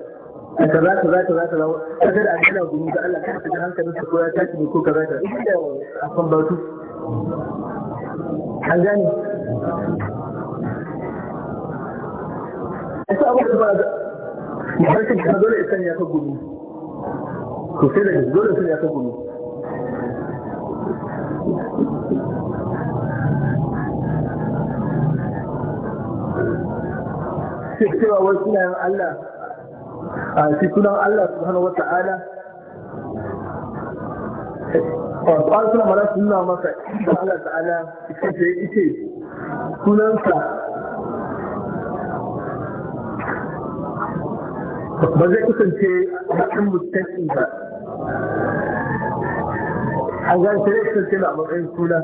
a kaza kaza kaza kaza kaza da an kana gumi da Allah kan cikin hankalin su ko ya tashi ne ko kaza kaza inda akan batu an gane wasu abubuwa ba da harshen ka dole ya sanya ka gumi to sai da dole sai ya ka gumi suke cewa wai sunayen Allah a shi sunan Allah subhanahu wata'ala Ƙwarƙwar suna mara suna masa inda Allah ta'ala ita ce ita sunansa ba zai kusance kasance matsayin mustaƙi ba. An gani sai kasance na matsayin suna.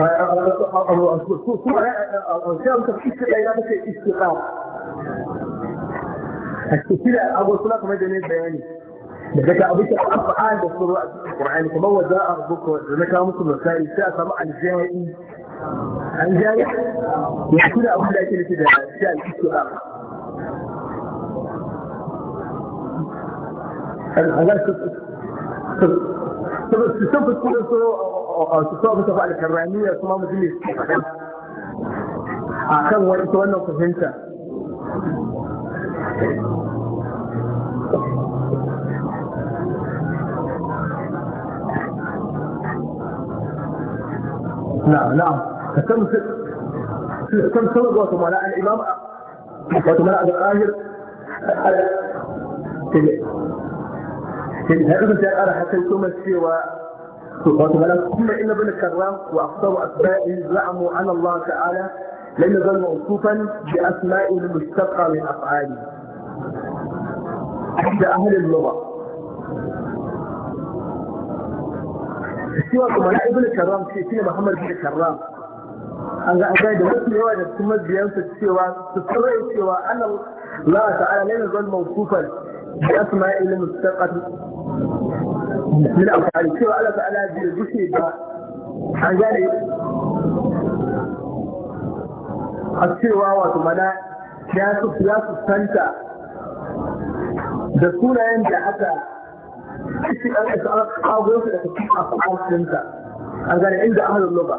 السلسلة لذلك أبو سلاط أفعال بصر القرآن كما هو ذا أربك لذلك مسلم الثاني شاء سماع الجائي الجائي يحكي له أبو سلاط كده شاء السلسلة هذا سوف تكون su kawo mutu fa alkarramiya kuma mutum ne suke faɗa a kan wata wannan fahimta نعم نعم كم كم سبب وتمنع الإمام وتمنع الآخر هذا مثل أنا حتى يتم السوى ثم إن ابن الكرام وأكثر أسماء زعموا على الله تعالى لم ذا موصوفا بأسماء المشتقة من أفعاله عند أهل اللغة سوى قبلاء ابن الكرام في سنة محمد بن الكرام أن أعجاد رواية السمد بيانسة سوى تطرع سوى أن الله تعالى لم ذا موصوفا بأسماء المشتقة من amfani cewa Allah ta'ala bai gushe ba an gane a cewa wato mana ya su ya su santa da sunayen da aka shi an aka kago su daga cikin afafinsa an gane inda ahalin luba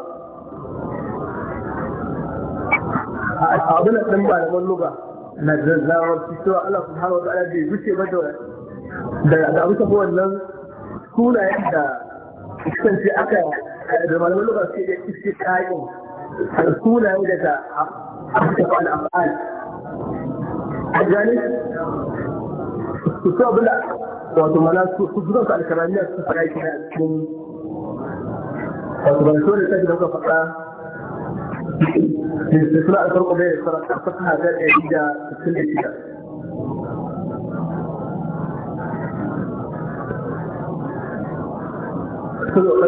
a abin da ɗan malaman luba na zazzawar cewa Allah subhanahu wa ta'ala bai gushe ba da da abin wannan sunayen da kasance aka da malaman lura ce da iske kayan a sunayen da ta aka fa al'afal a gane su su abin da wato mana su zuwa su alkaramiya su fara yi kina cikin wato ban so da sake da kuka faɗa da suna alfarko da ya sarrafa fasaha da ɗari da sittin da shida Kuma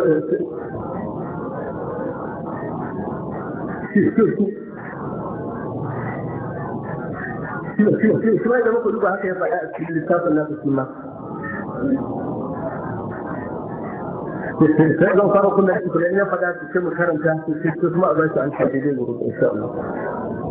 idan muku duba haka ya faɗa a cikin littafin nasu shi ma. Sai zan fara kunna shi kuma ya faɗa cikin mu karanta su sai kuma a zai su an shafi zai gudu insha Allah.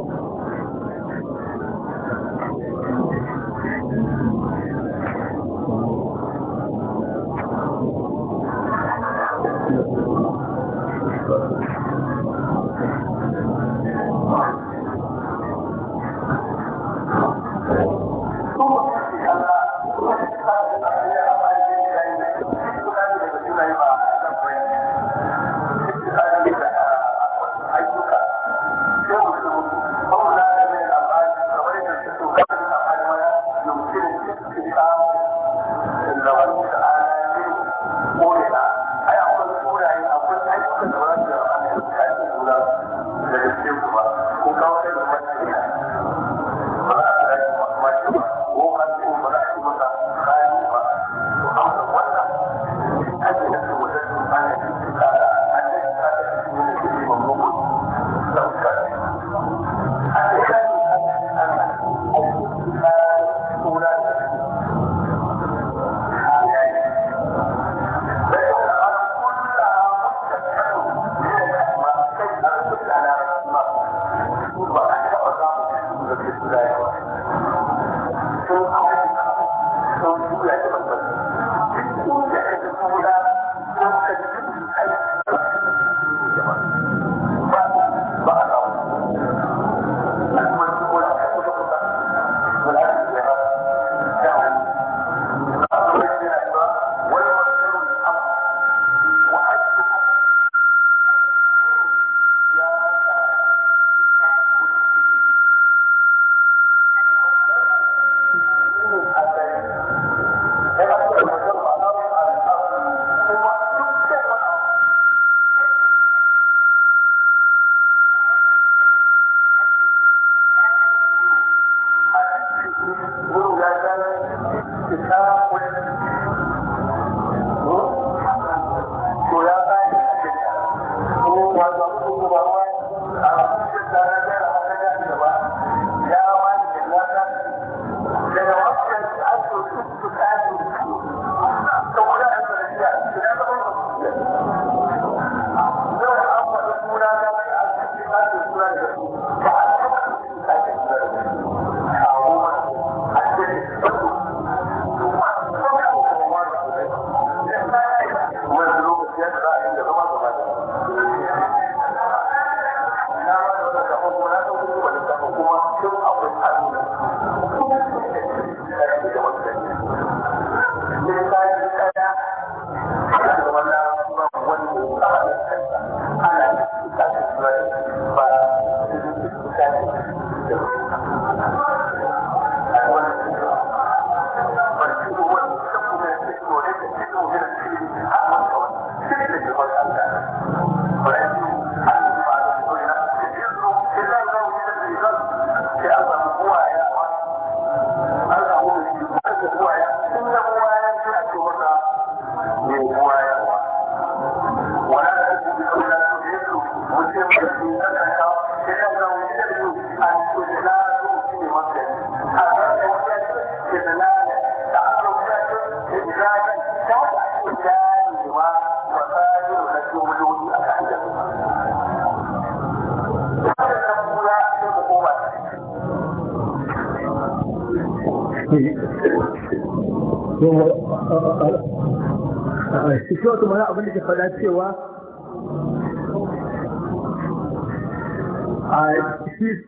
shi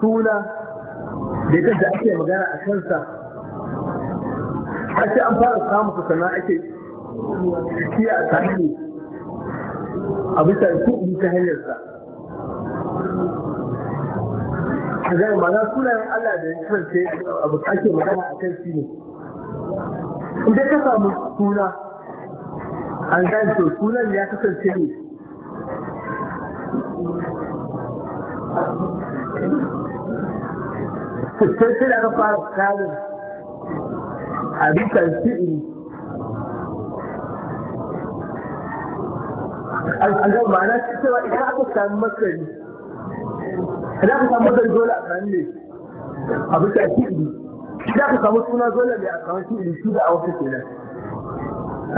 suna da ita yadda ake magana a kansa ake an fara samun su sana ake shi a tarihi a bisa su ta hanyarsa a zai mana sunayen Allah da ya kasance abu ake magana a kan shi ne idan ka samu suna an gane to sunan ya kasance ne sai na fara kalin a bisan fi'ili an zama ma'ana cewa idan aka sami idan aka sami masari dole a sami ne a bisan fi'ili idan aka sami suna dole ne a sami fi'ili su da a wasu kenan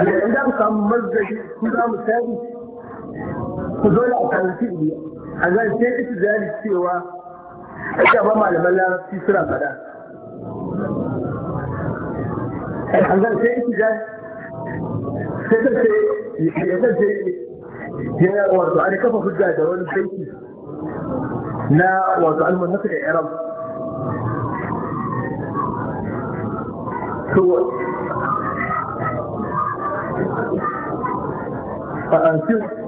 idan aka sami masari suna misali ku dole a sami fi'ili a zan sai ita jari cewa ita ba malaman larabci suna fada a zan sai ita jari sai ta ce ya zan sai ya wato an kafa hujja da wani baiti na wato almanaka da arab to a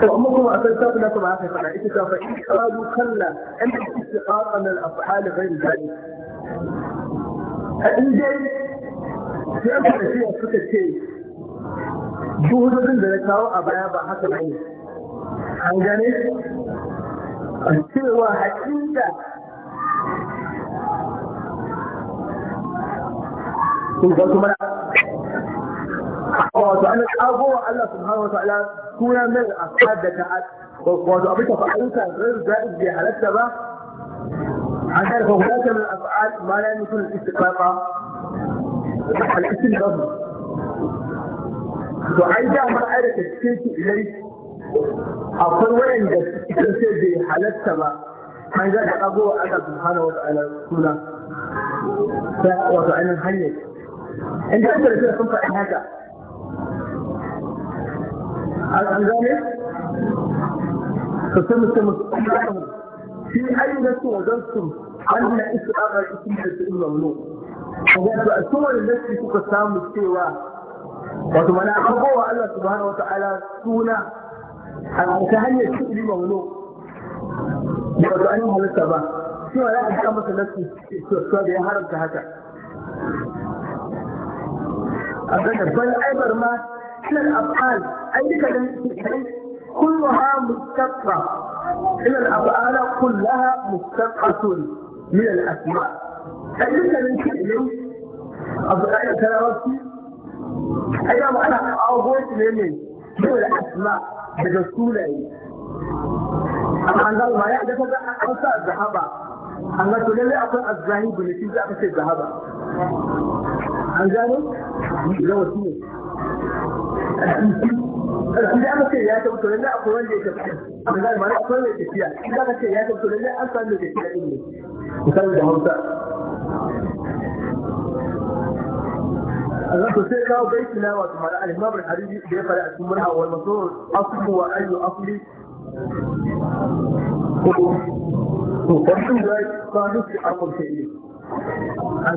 فأمكم أفلسف لكم عاقبة عائشة فإن قالوا كلا أن الاستقاط من الأفعال غير ذلك الإنجاز في أمر الأشياء فكر شيء جهد da na kawo a baya ba haka ba ne an gane cewa hakika kun ga kuma wato an kago wa Allah subhanahu suna mai afkar da ta'ad wato abin tafi ayyuka zai zaɓi bai halatta ba an harfa hulata min af'al ma la yakun istiqaqa al-istinbab to ai da ma ai da cikin shi ilai akwai wayanda suke ce bai halatta ba an ga da abuwa Allah subhanahu wa ta'ala suna ta wato ainihin hanyar inda aka da sun faɗi haka عن ذلك فسمى التمسك في أين وجدتم أن إسلام الإسلام إلا الله وجدت الصور التي تقسم السوى wato mana an gowa Allah subhanahu wata'ala suna a ta hanyar fi'ili mawlo da wato an halitta ba shi wa za a kama masa nasu sosai da ya haramta haka a ganin bal aibar ma من الأفعال أي كلمة كلها مشتقة إن الأفعال كلها مشتقة من الأسماء أي كلمة أفعال كلماتي أي معنى أغوث مني من الأسماء بجسولة أما أن الله ما يحدث أنسى الذهب أن لا تلالي أقول الزاهد التي جاء في الذهب أنزاني إذا وسيلة idan aka ce ya tabbata lalle akwai wanda ya tafiya amma zai mara akwai wanda ya tafiya idan ce ya tabbata lalle an da tafiya din ne misali da hausa sai kawo baiti na wato mara al-Imam al da ya fara a cikin murha wal masrur aslu wa ayu asli to farkin da ya kawo a kwamfe ne an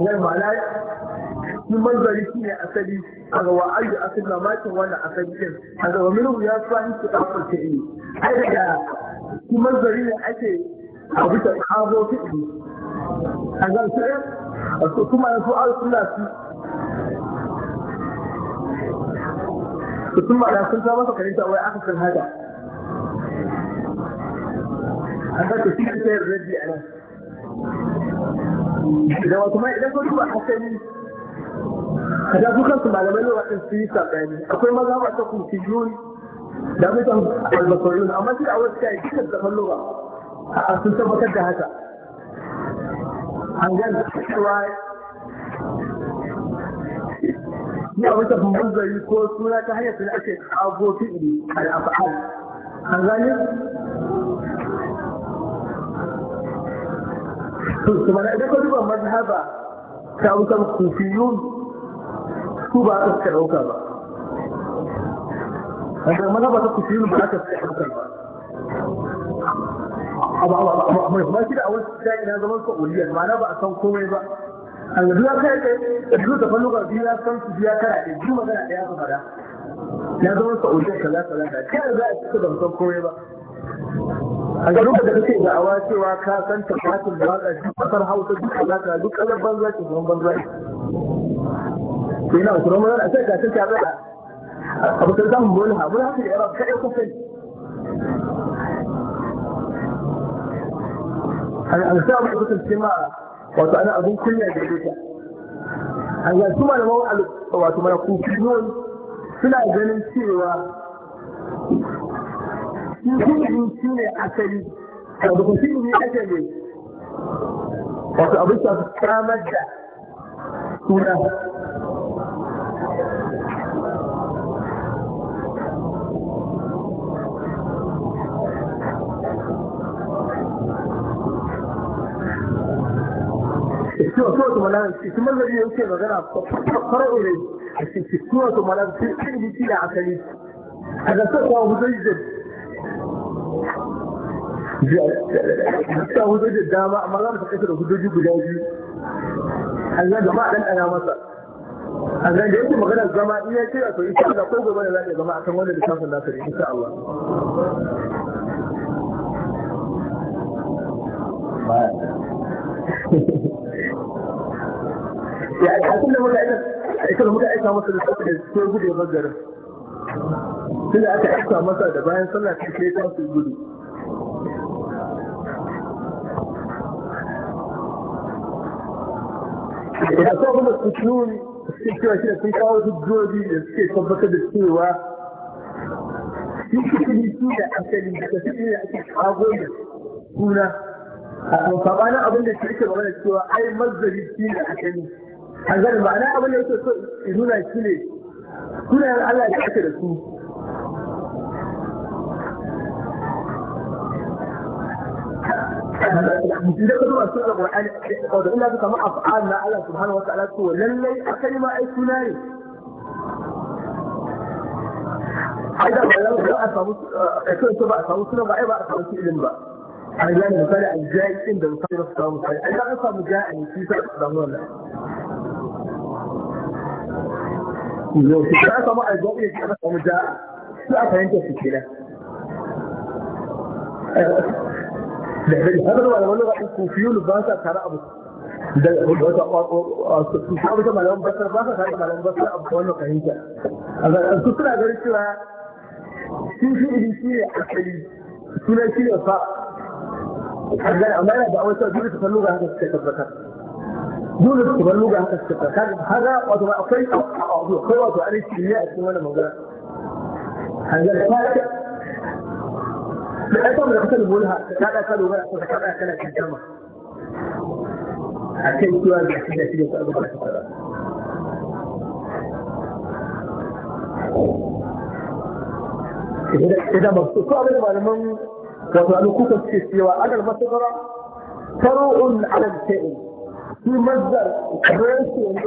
من manzari shi ne asali daga wa ayyu asali na makin wannan asali din daga wa minhu ya sahi su kafin ta ini ai daga shi manzari ne ake abu ta kazo ta ini a zarce a su kuma na su al sunna su sun ma'ana sun sa masa karanta wai aka san haka a zarce shi ne ta yin rabi a nan da wasu mai idan ka duba asali kada su kansu malamai ne waɗin su yi saɓani akwai maza ba ta kuma fijiyoni da mutan albasorin amma shi a wasu kayi dukkan zafan lura a sun tabbatar da haka an gan cewa ni a wata manzari ko suna ta hanyar sun ake abofi ne a al'afa'al an gani to su mana idan ka duba mazhaba ta wutar kufiyun su ba aka suka ɗauka ba a da maza ba ta kusuru ba aka suka ɗauka ba ba shi da a wasu jami'i na zaman sa'uliyar ma na ba a san komai ba a yanzu ya kai kai da duk da fannuka biyu ya san su biya kara ɗaya biyu magana ɗaya ka fada ya zama sa'uliyar kaza kaza da kai za a cika da san komai ba a garin da kake da awa cewa ka san tafatin da waka duk kasar hausa duk kaza duk kalar banza ke zaman banza kenan kuma mun a sai ka sai ka abu sai zamu mun ha mun haka da yara kai ko kai an an sa mu kusa cima wato ana abun kunya da duka an ga kuma da mawa wato mara kufiyon suna ganin cewa kufiyon shi ne asali da kufiyon ne asali wato abin sa samar da suna istiwatu malaabisi ismaladi yake magana qoro ilay istiwatu malaabisi xilbi sila asali hada saqwa hudayzid hatta hudayzid dama magana ta kasar hudaji guda biyu an ga jama'a dan ana masa an ga yake magana zama iya ce a to insha Allah ko gobe ne za ka zama akan wannan lissafin nasa insha Allah Thank you. يعني هتقول له لا ita da muka aika masa da sauƙi da sai gudu ya bangaren sai da aka aika masa da bayan sallah sai sai ta su gudu Ina so kuma su tuni suke cewa shi da sun kawo hujjoji da suke tabbatar da cewa shi kuɗi su da asali da su ne ake kago da suna. A kuma sabanin abin da shi ake magana cewa ai mazari shi da asali. an gane ma'ana abin da yake so in nuna shi ne sunayen Allah da ake da su idan ka zuba sunan Qur'ani da ina suka ma'afa'al na Allah subhanahu wa ta'ala to lallai a kalma ai suna ne ai da ba za a samu kai ba a samu suna ba ai ba a samu fi'ilin ba an gane misali al-ja'i din da misali ba su samu misali ai za a samu ja'i shi sa su samu wannan yau ta samu a gwamnati ya samu ja su a fahimta su kenan da wani ku ba sa tare abu da wata abu basar ba sa tare basar abu wannan fahimta a su suna cewa sun shi ne shi ne fa amma yana da awon sa ta lura haka suka tabbatar دول التبلج عن الثقة حاجة وتبقى أعضو خوة عليه السيئة السمانة موجودة حاجة الفاتح لأيضا من الأخطاء بقولها لا أكلوا ولا أكلوا كما أكلها كنتما حتى يتوى الحسنة في يتأبط لك إذا مبسوطة بالمعلمين وتعلقوا تفسير سوى أجل مصدرة فروع على الشيء shi mazdar rashi wanda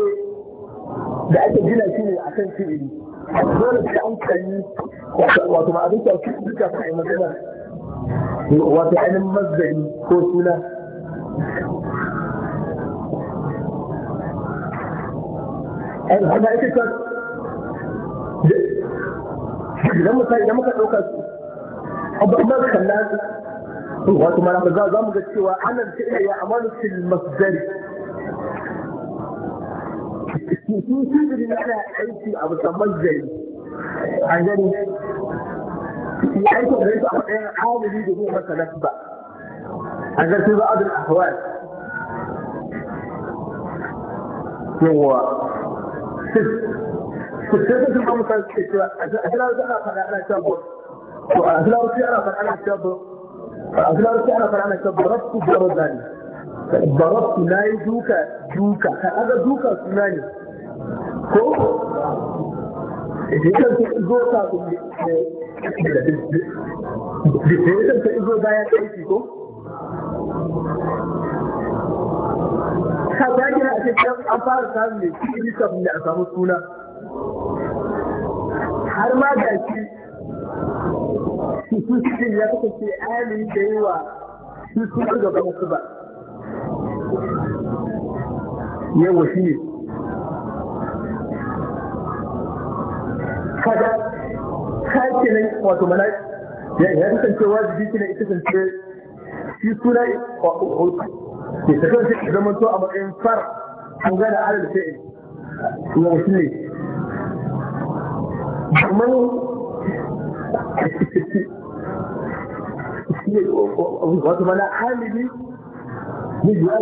da ake gina shi ne akan fi'ili dole sai an kalli wato ma'anar ta su duka su yi magana wato ainihin mazdari ko suna an hana ita ta idan muka idan muka ɗauka su abubuwan kalla wato ma'ana za mu ga cewa anan fi'ili ya amalu fil masdari su sidirin yana aiki a musamman gari a gani ya aiki da yake a matsayin amiri da zai masa nasu ba a zartun za'adun ahwal yawa sai da kuma mutan ke cewa a filar da ana fara ana shabbo to a filar da ana fara ana shabbo a filar da ana fara ana shabbo rabbu barazani barabtu na yi duka duka kan aga duka suna ne ko idan ta ta izo bayan aiki ko ka a cikin an fara samun ne cikin da a samu suna har ma ga shi ya kasance ainihin da yi wa shi suna gaba su ba shi ne kaga wato mana ya kasance wajibi kenan ita kasance shi suna ke ta kasance zaman to a matsayin far an gane alal kuma mutum ne kamar wato mana halili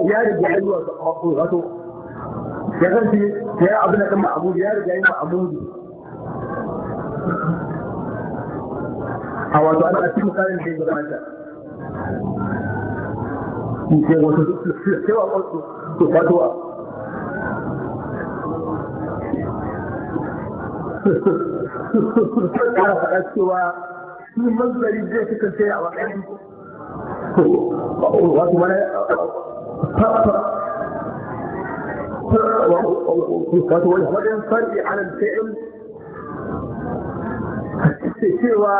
ya riga yi wato wato ya kasance ya ya a wato ana a cikin kayan da ya gabata ke wato cewa wato to fatuwa ƙara faɗa cewa shi mazari zai fi kance a matsayin wato mana wato wani faɗin farɗi ala fi'il ce cewa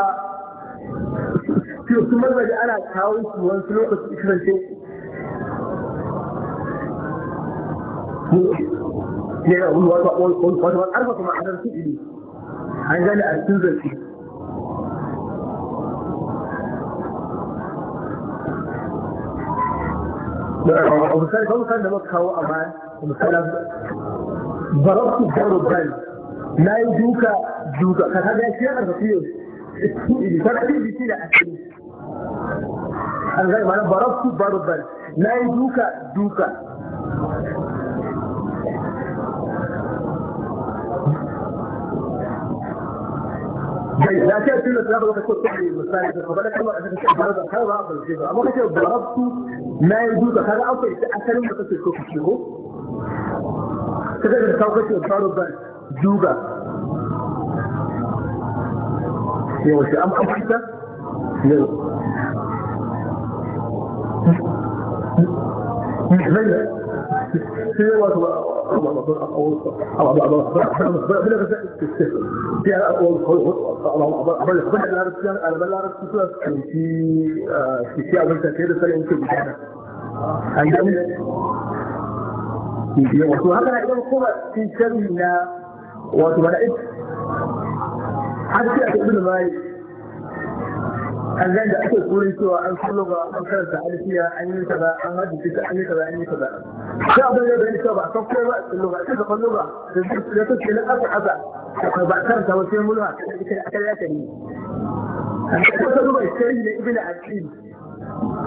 su mazaje ana kawo su wasu lokaci kasance wato arfafa ma'anar fi'ili an gane a cikin zance abu sai da muka kawo a baya misali barabtu jarubani na yi duka duka ka kaga shi ya karfafi yau karfafi jiki da asiri an zai mana barabtu barubban na yi duka duka جيد لا شيء في الاسلام وقت كنت تحلي المسائل فبالك الله انك تحرز الخير وعرض الجزء اما كنت ضربت ما يجوز هذا اصلا يتاثر ما تسلكه في الشهور كذلك توقيت الضرب duba yawanci an fahimta yau وهكذا إذا القرى في سبيلنا wato mala'ik har sai aka ibn malik an zan da ake kurin cewa an kulluga an karanta alfiya an yi kaza an hajji ta an yi kaza an yi kaza sai abin da zai cewa ba a san kuma ba a kulluga sai ka kulluga da su ke na ƙasa ƙasa akwai ba a karanta wasu yin mulwa a kan yaka ne an kuma ta zuba shari'i da ibn al-qim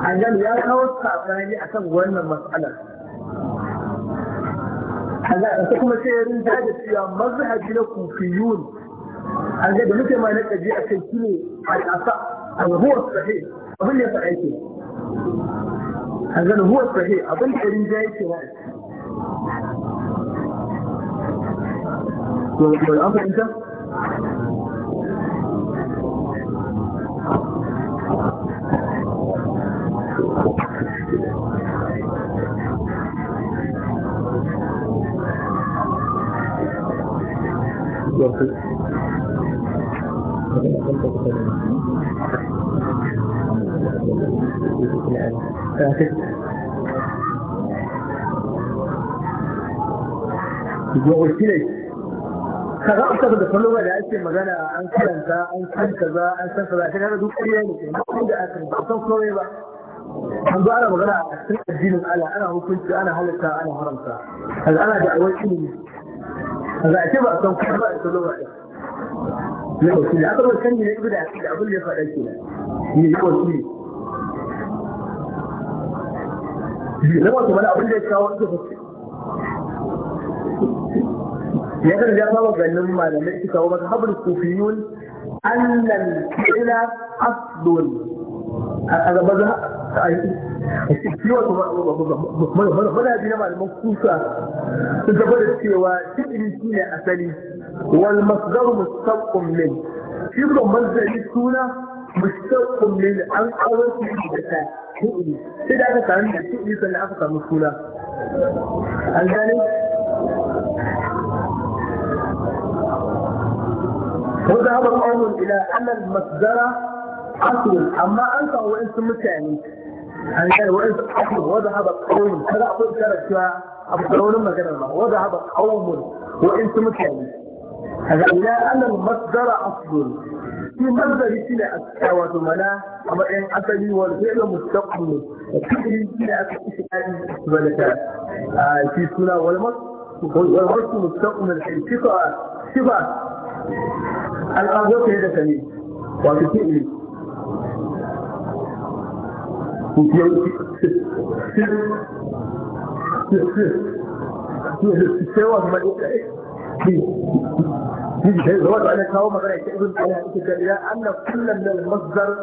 an gani ya kawo saɓani akan wannan matsalar ta kuma sai ya rinta da cewa mazhabi na kufiyun an ga da muke ma na kaji a kai shine al'asa al-huwa sahih abin da ya faɗa yake an ga huwa sahih abin da rinja yake ba to an fahimta يرفض وقلت لك kaga an saka da kallo da ake magana an karanta an san kaza an san kaza kaga da duk ƙarya ne kuma da aka ba san komai ba an zo ana magana a cikin addinin Allah ana hukunci ana halatta ana haramta kaga ana da awai ilimi فبعتبر توقيع الطلوع لكن أقرب الكلمة اللي يبدأ أقول لي فعلا ان يقول لي لما تبقى أقول لي كاوة تفكر ya kan ya ان ganin malamai suka wa shi wato mazhabi na malaman kusa sun tabbata cewa fi'ili shi ne asali wal masdar mustaqqim min shi ko mazari suna mustaqqim min an aure shi da ta fi'ili sai da aka samu da fi'ili sannan aka samu suna an gane وذهب قوم الى ان المصدر اصل اما انت او انت متعني an yi wani abu wadda haɓa ƙaunin kada abin kara cewa abu raunin maganar ba wadda haɓa ƙaunin wa'insu mutane a ga ila annal masdara asdun shi masdari shi ne a cikin wato mana a matsayin asali wani sai da mustaqbal ne cikin shi ne aka ci tsari balata a shi suna wal mas wal mas mustaqbal shi sifa sifa al'azo ta da kane wato shi sai wa kuma الزواج على كهوما غير تأذن على إلى أن كل من المصدر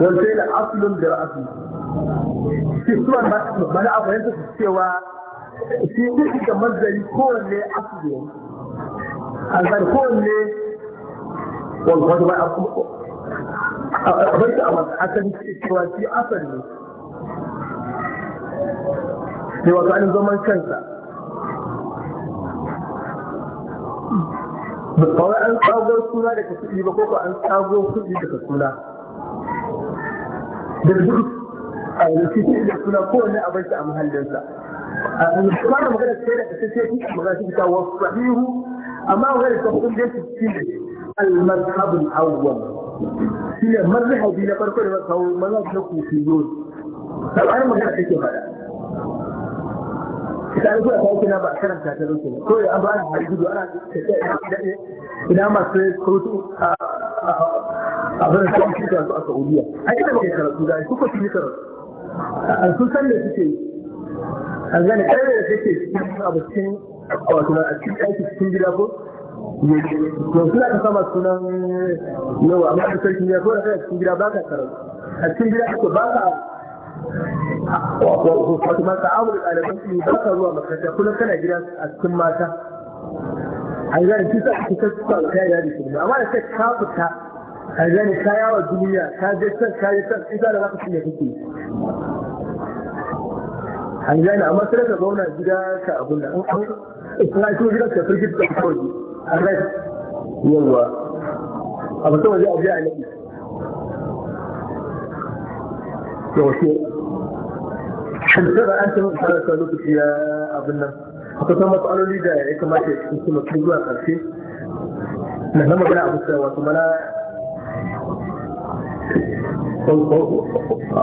والفعل أصل برأسه في سورة ما لا أفهمت في السوى في تلك المصدر يكون لأصل البر يكون ل والغضب أبيت أمر حتى في أصل sai wato an zaman kansa ba kawai an tsagon suna daga kuɗi ba ko ko an tsago kuɗi daga suna da duk a yanzu shi da suna kowane abin shi a muhallinsa a yanzu ba magana ce da kasance ce kuɗi magana shi ta wasu sahihu amma wani ta kuɗin da shi ne almarhabin mazhabul awwal shi ne mazhabi na farko da kawo mazhabi na kufi yau sai magana take faɗa idan an koya kina ba karanta ta rufe ko ya ba ni har gudu ana tafiya ina dade ina masu kurutu a abin da suke karatu a Saudiya ai kada kai karatu da su ko su karatu an sun san da suke an gane kai da suke cikin abu cikin wato a cikin aiki cikin gida ko to suna ka sama sunan yawa amma da sarki ya ko da cikin gida ba ka karatu a cikin gida ko ba ka wa kuma ta'amul ɗaliban su ba ka zuwa makaranta kullum kana gida a cikin mata an gane kisa a cikin suka ta yaya da kuma amma da kai ka fita an gane ka yawa duniya ka je san ka je san ita da za ka shirya kake an gane amma sai ka zauna gida ka abun da an an gida ka firgit da kawai an gane yawa a mutum waje a biya a nabi shin da an taimaka da sa lokaci ya abin nan akwai kan matsaloli da ya kamata ya cikin su mutum zuwa ƙarshe na na magana abu sai wato mana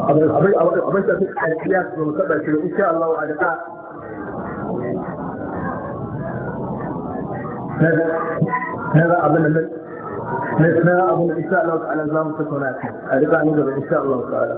abin da suka kariya su zama kaɗa shi da insha Allah a daga na za abin da na abin da insha Allah ta'ala za mu tattauna a daga ni gaba insha Allah ta'ala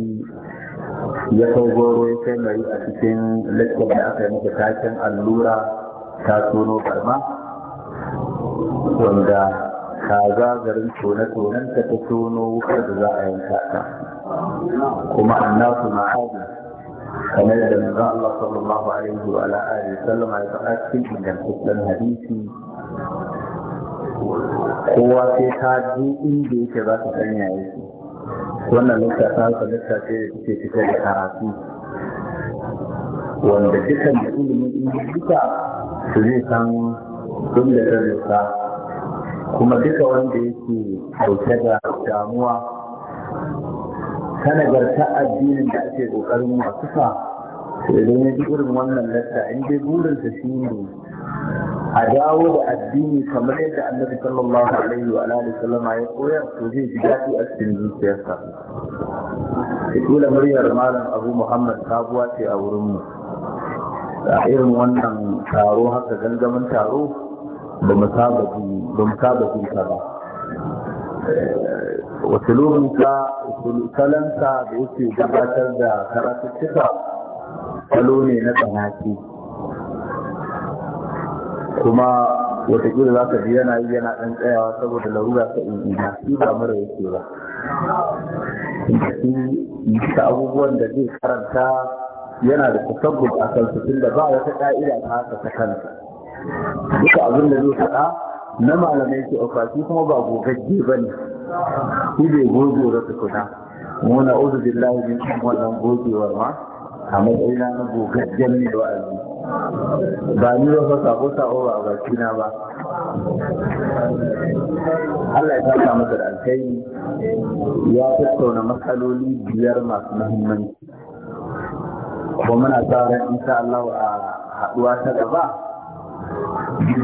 ya kai goro ya kai mai a cikin lakcin da aka yi masa taken allura ta tono barma wanda kaza garin tone-tonen ta ta tono wukar da za a yanka ta kuma annasu ma'adu kamar da manzon Allah sallallahu alaihi wa alihi sallama ya faɗa cikin ingantaccen hadisi kowa sai ta ji inda yake za ta sanya yake wannan lokacin ta haka lissa ce da suke fitar da karatu wanda dukkan da ilimin ingilisa su zai san sun da rarrasa kuma duka wanda yake dauke da damuwa ta addinin da ake kokarin masu sa idan domin duk irin wannan lissa in dai burinsa shi ne a dawo da addini kamar yadda annabi sallallahu alaihi wa alihi sallam ya koya to zai ji daɗi a cikin zuciyarsa kula muryar malam abu muhammad sabuwa ce a wurin mu a irin wannan taro haka gangamin taro ba mu saba ji ta ba wasu lurinka salansa da yake gabatar da karatuttuka salo ne na tsanaki kuma watakila za ka ji yana yi yana ɗan tsayawa saboda larura ta ingina shi ba mara yake ba shi ta abubuwan da zai karanta yana da sabbin a kansu da ba wata ƙa'ida ta haka ta kanta duka abin da zai faɗa na malamai ke ofaki kuma ba gogagge ba ne shi bai goge ba tukuna muna uzu billahi min wannan gogewar ma a matsayina na gogaggen ne wa'azi ba ni ba fa sako sako ba a bakina ba Allah ya saka masa da alkhairi ya tattauna matsaloli biyar masu muhimmanci kuma muna sa ran insha Allah a haɗuwa ta gaba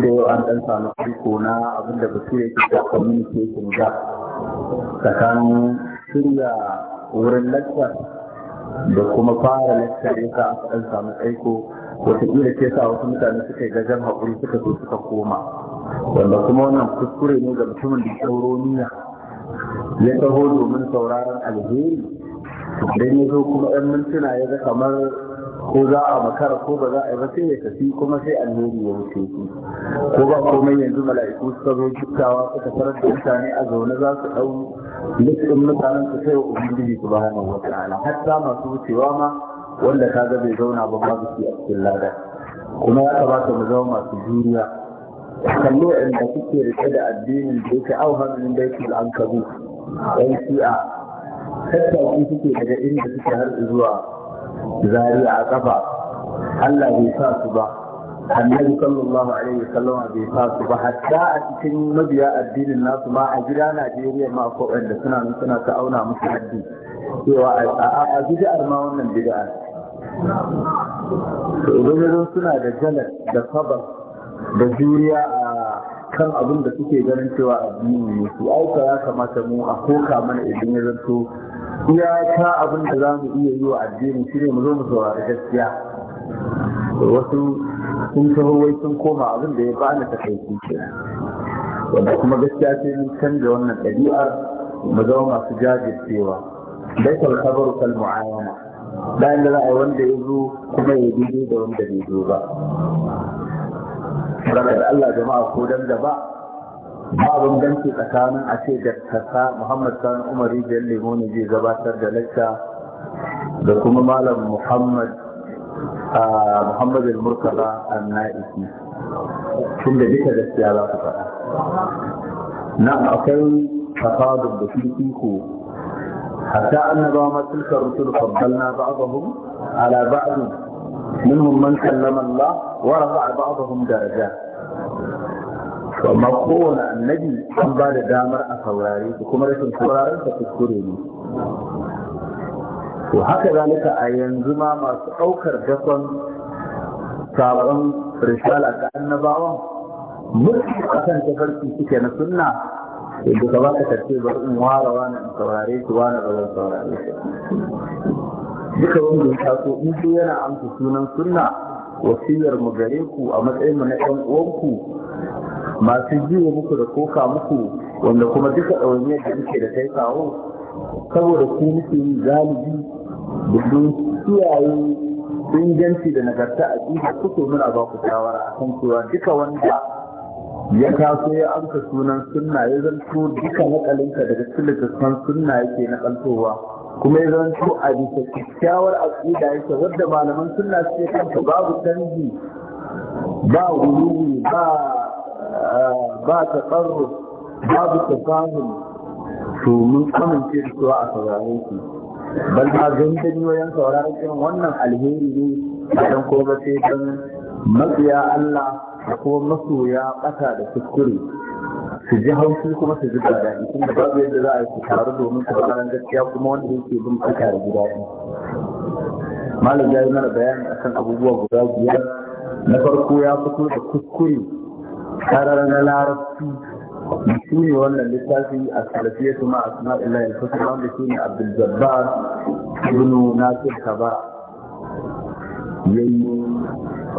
da yau an dan samu aiko na abin da basu ke da communication ba? tsakanin shirya wurin lakwas da kuma fara lecture ya sa aka dan samu aiko wataƙila ce sa wasu mutane suka yi gajen haƙuri suka zo suka koma wanda kuma wannan kuskure ne ga mutumin da sauro niyya ya taho domin sauraron alheri idan ya zo kuma ɗan mintuna ya ga kamar ko za a makara ko ba za a yi ba sai ya tafi kuma sai alheri ya wuce su ko ba komai yanzu mala'iku suka zo gittawa suka tarar da mutane a zaune za su ɗau dukkan mutanen su sai wa ubangiji subhanahu wa hatta masu wucewa ma wanda ka ga bai zauna ba babu su a cikin lada kuma ya kamata mu zama masu juriya kallo inda kuke rike da addinin da yake au hannun da yake al'ankabu ɗan shi'a tattaki suke daga inda suke har zuwa zari a ƙafa. Allah bai sa su ba annabi sallallahu alaihi wasallam bai sa su ba hatta a cikin mabiya addinin nasu ma a gida Najeriya ma ko wanda suna suna ta auna musu haddi cewa a bid'ar ma wannan bid'ar idan suna da janar da sabar da juriya a kan abin da suke ganin cewa addini ne su aika ya kamata mu a koka mana idan ya zanto iya ta abin da za mu iya yi wa addini shi ne mu zo mu saurari gaskiya wasu sun taho wai sun koma abin da ya bani kai kuke wanda kuma gaskiya sai mun canza wannan ɗabi'ar mu zama masu jajircewa dai kalkabar kalmu'ayana bayan da za a wanda ya zo kuma ya daidai da wanda bai zo ba Barakar Allah jama'a ko dan da ba ba abin ganci tsakanin a ce da kasa Muhammad Sani Umar Rijiyar ne zai gabatar da lacca da kuma Malam Muhammad Muhammad Al-Murtala an Na'iki. tun da duka gaskiya za su faɗa na akwai tafadun da fifiko حتى أن ما تلك الرسل فضلنا بعضهم على بعض منهم من كلم الله ورفع بعضهم درجات amma kowane annabi an ba da damar a saurare da kuma rashin sauraren ta kuskure ne to haka zalika a yanzu ma masu ɗaukar dakon sabon risala ta annabawan mutum a tafarki suke na sunna yadda ka baka tafi ba in wara wani in saurare shi wani ba zan saurare shi duka wanda ya taso in su yana amsa sunan sunna wasiyar mu gare ku a matsayin mu na ɗan uwanku masu jiwa muku da koka muku wanda kuma duka ɗawanye da muke da kai kawo saboda ku muke yi galibi da sun kiyaye inganci da nagarta a ƙiha kuke muna ba ku shawara a kan cewa duka wanda ya kaso ya amsa sunan sunna ya zanto duka matsalinka daga cikin sunna yake na kantowa kuma ya zanto a bisa kyakkyawar aƙida yake wadda malaman sunna suke kanta babu canji ba wuri ba ba tsaro babu tafahim to mun amince da cewa a sauraron su bal ma gandanyoyin sauraron wannan alheri ne a dan ko ba sai dan matsiya Allah a kuma masoya ɓata da kuskure su ji haushi kuma su ji gada ikin da babu yadda za a yi su taru domin su faɗa gaskiya kuma wanda yake bin fita da gida daɗi malam ya yi mana bayani kan abubuwa guda biyar na farko ya fito da kuskure karar na larabci shi ne wannan littafi a salafiyatu ma suna al fasa wanda shi ne abdul jabbar nasir kaba yayi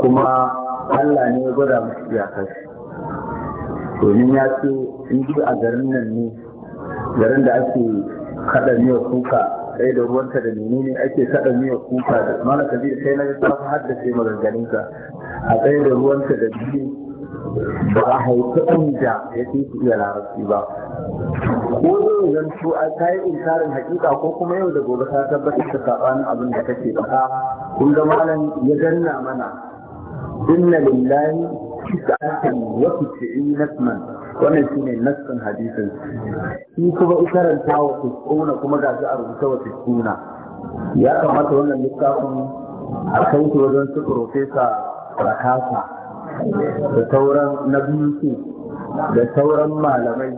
kuma Allah ne ya gwada musu iyakar domin ya ce in ji a garin nan ne garin da ake kaɗa miyar kuka ɗaya da ruwanta da ne ake kaɗa miyar kuka da mana da kai na lissafi haddace maganganunka a ɗaya da ruwanta da biyu ba a haifi ja ya fi su iya larabci ba ko yau zan su a ta yi inkarin hakika ko kuma yau da gobe ta tabbatar da saɓanin abin da kake ba? kun ga malam ya danna mana inna lillahi tis'atan wa tis'ina isman wannan shine nassin hadisin shi kuma karanta wa tis'una kuma ga a rubuta wa tis'una ya kamata wannan littafin a kai wajen su profesa rakasa da sauran na malamai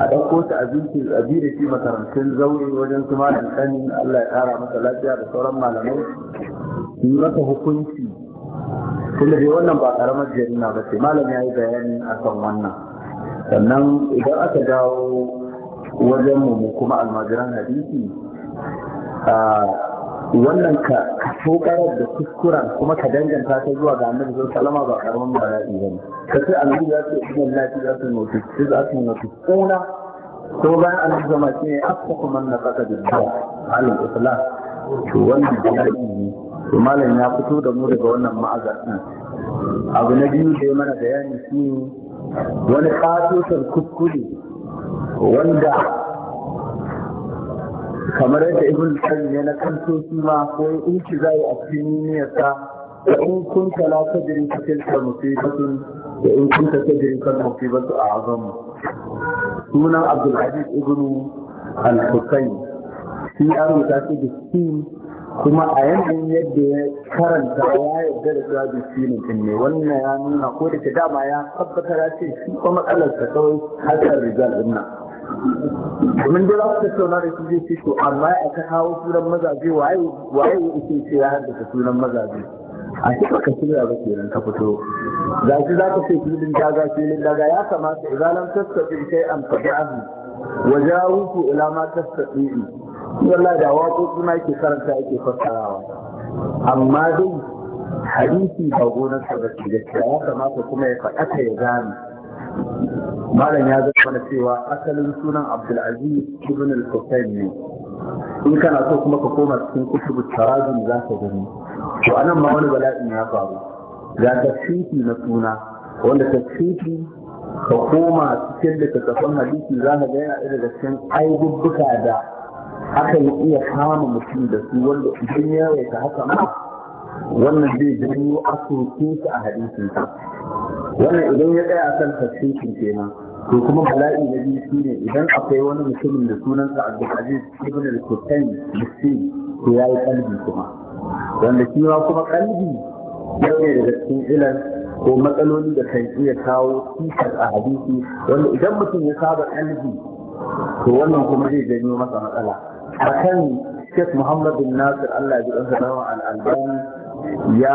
a ɗauko ta abinci a bi da shi makarantun zaure wajen su malam sani Allah ya ƙara masa lafiya da sauran malamai su yi masa hukunci tunda dai wannan ba karamar jarina ba ce malam ya yi bayani kan wannan sannan idan aka dawo wajen mu kuma almajiran hadisi wannan ka karar da kuskuren kuma ka danganta ta zuwa ga annabi sun salama ba karamin bala'i bane ka ce annabi ya ce inna lafi za su mutu su za su mutu kuna ko bayan annabi zama ce kuma na nafaka bil a halin islam to wannan bala'i ne to malam ya fito da mu daga wannan ma'azatin abu na biyu da ya mana bayani shi ne wani katotar kuskure wanda kamar yadda ibn qayyim ne na kanto shi ma ko inci zai a cikin niyyarsa in kunta la jirin cikin tilka musibatun da in kunta tadri fa musibatu a'zamu sunan abdul ibn al-husayn shi an rubuta shi da kuma a yanayin yadda ya karanta ya yarda da shi bisimin ne wannan ya nuna ko da ke dama ya tabbatar ya ce shi matsalar ta kawai harkar rizal din nan domin dai za su tattauna da su zai ce to amma a ka kawo sunan mazaje waye wa yake ce ya haddasa sunan mazaje a shi ka da ba kenan ka fito za su za ka ce filin daga filin daga ya kamata idan lam tastabi kai an fadi abu wajawu ila ma tastabi wallahi da waƙoƙi ma yake karanta yake fassarawa amma dai hadisi ba gonar sa bace gaskiya ya kamata kuma ya faɗaka ya gane malam ya zama na cewa asalin sunan Abdulaziz ibn al-Husayn ne in kana so kuma ka koma cikin kutubu tarajim za ka gani to anan ma wani bala'in ya faru ga tafsiri na suna wanda tafsiri ka koma cikin da ka hadisi za ka ga yana daga cikin aibubbuka da akan iya kama mutum da su wanda idan ya yawaita haka ma wannan zai janyo asusun su a hadisin sa wannan idan ya tsaya akan tafsirin kenan to kuma bala'i na biyu shine idan akwai wani mutumin da sunansa Abdulaziz ibn al-Husayn Misri to yayi kalbi kuma wanda shi ma kuma kalbi yana daga cikin ilan ko matsaloli da kan iya kawo cikas a hadisi wanda idan mutum ya saba kalbi to wannan kuma zai janyo masa matsala akan Sheikh Muhammad bin Nasir Allah ya ji rawa al-Albani ya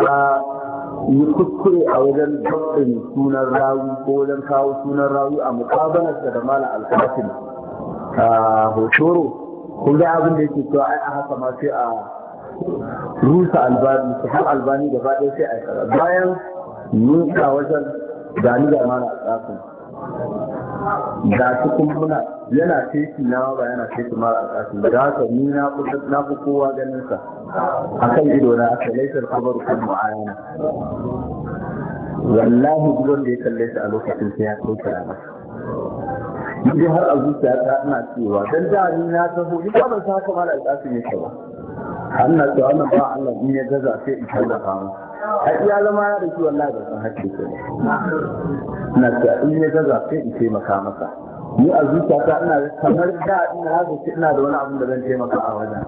yi kuskure a wajen dabin sunan rawi ko wajen kawo sunan rawi a mukabalar da malam al-Qasim a Hoshoro kun ga abin da yake cewa ai a haka ma sai a rusa albani su har albani gaba ɗaya sai a bayan nusa wajen gani da malam al-Qasim ga su kuma yana teki na ba yana teki mara a kasu da haka ni na fi kowa ganin sa kan ido na aka laifin kabar kun mu'ayana wallahi duk wanda ya kalle shi a lokacin sai ya kauce rana Idan har a zuciya ta ina cewa dan da ni na taho ni ba ban san haka mara alƙasin yake ba Allah ta wannan ba Allah ne ya gaza sai in tallafa masa a iya zama ya da shi wallahi da san hakki ko ce in ya gaza sai in taimaka masa ni a zuciyata ina kamar da ina haka ina da wani abin da zan taimaka a wajen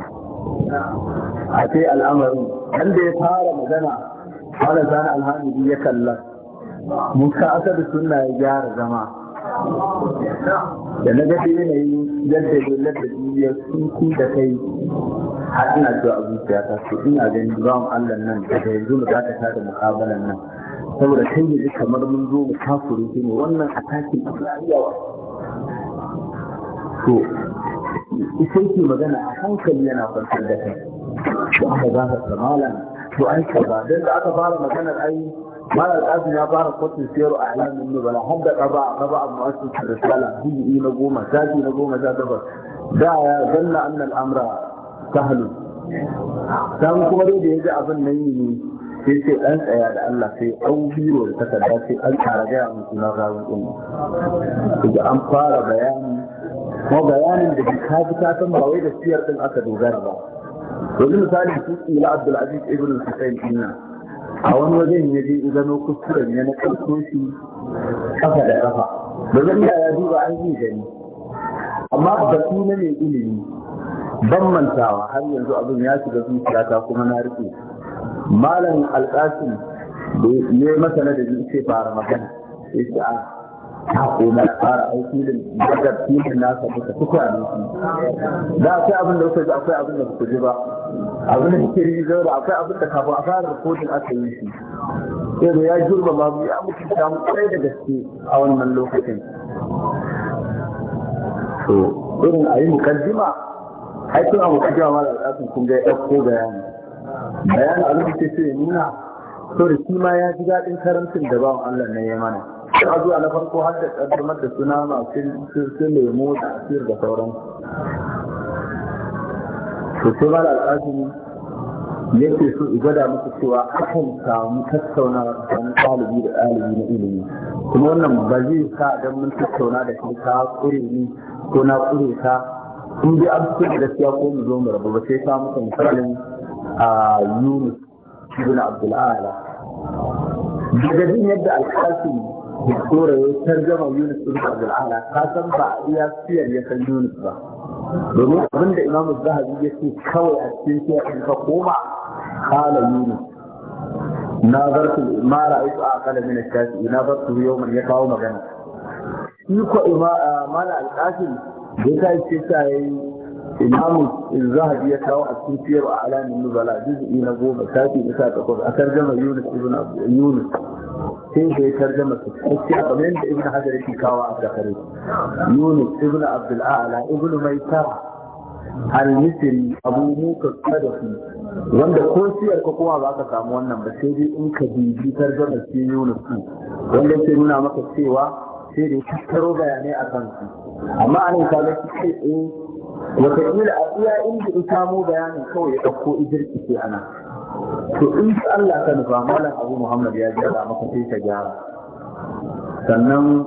a ce al'amarin wanda ya fara magana wala zana alhamidi ya kalla musa aka da ya gyara zama da na gaji yanayin yadda dole da ya sunku da kai har ina zuwa a zuciya ta su ina ganin zuwan allah nan daga yanzu mu za ta tada mukabalan nan saboda kai da ji kamar mun zo mu kafuru shi ne wannan atakin a rayuwa to sai ke magana a hankali yana kwantar da kai ba ka za ka tsamala to ai ka ba don da aka fara maganar ai مال الأبن يظهر قط سيروا أعلام النبى لهم ده قضاء قضاء مؤسس الرسالة هي نقومة ساتي نقومة ذات بس دا ظن أن الأمر سهل كان كمري بيجا أظن نيني في شيء أنت يا الله في أو في رول تسد في أنت رجاء مثل غاو الأمة إذا أمطار بيان ما بيان اللي بيكاتك أتم رويد السير تنأتد وغربا وزي مثالي في إلى عبد العزيز ابن الحسين إنه a wani wajen ya je gano kuskuren ne na karko shi kafa da kafa ba zan iya ya duba an yi gani amma batu na mai ilimi ban mantawa har yanzu abin ya shiga zuciyata kuma na rike malam alƙasim ne masana da ce fara magana ya ce a ah, ko na fara aiki da daga filin nasa suka fi kwanin shi da akwai abin da kuka ji akwai abin da kuka ji ba abin da kuke yi zai da akwai abin da kafin a fara rikodin aka yi shi sai ya girma ma mu ya mutu samu kai da gaske a wannan lokacin to irin a yi mukaddima ai tun a mukaddima ma da alƙasun kun ga ya ɗauko bayani bayani abin da ke so ya nuna to da shi ma ya ji daɗin karamcin da bawan Allah na yi mana sai a zuwa na farko har da ƙaddamar da suna masu sirri lemo da sir da sauran su sai ba da ne yake so i gwada musu cewa akan samu tattaunawa tsakanin ɗalibi da ɗalibi na ilimi kuma wannan ba zai sa don mun tattauna da kai ta ƙure ni ko na ƙure ta. in dai an fito da gaskiya ko mu zo mu rabu ba sai ka muka misalin a Yunus ibn Abdul Ala daga jin yadda alƙashin dora ya tarjama Yunus ibn Abdul Ala ka san ba iya siyar ya san Yunus ba domin abin da Imam Zahabi ya ce kawai a cikin siyar ka koma kala Yunus na bar su ma ra'aytu aqala min ash-shafi'i na zartu yawman ya kawo magana shi ko imama eh, mala al-qasim da ya ce sai imamu zahabi ya kawo a cikin siyar a alamin nubala juz'i na goma shafi isa takwas a tarjama yunus ibn yunus sai da ya tarjama su sai a kamar yadda ibn hajar yake kawo a sakare yunus ibn abdul ibn maita al-misri abu muka sadafi wanda ko siyar ka kowa ba ka samu wannan ba sai dai in ka bibi tarjama sai yunus wanda sai nuna maka cewa sai da ya tattaro bayanai a kansu amma an yi kaga shi kai wataƙila a iya inda in samo bayanin kawai ya ɗauko idirki ce ana to in su Allah ka nufa malam abu muhammad ya gyara maka sai ka gyara sannan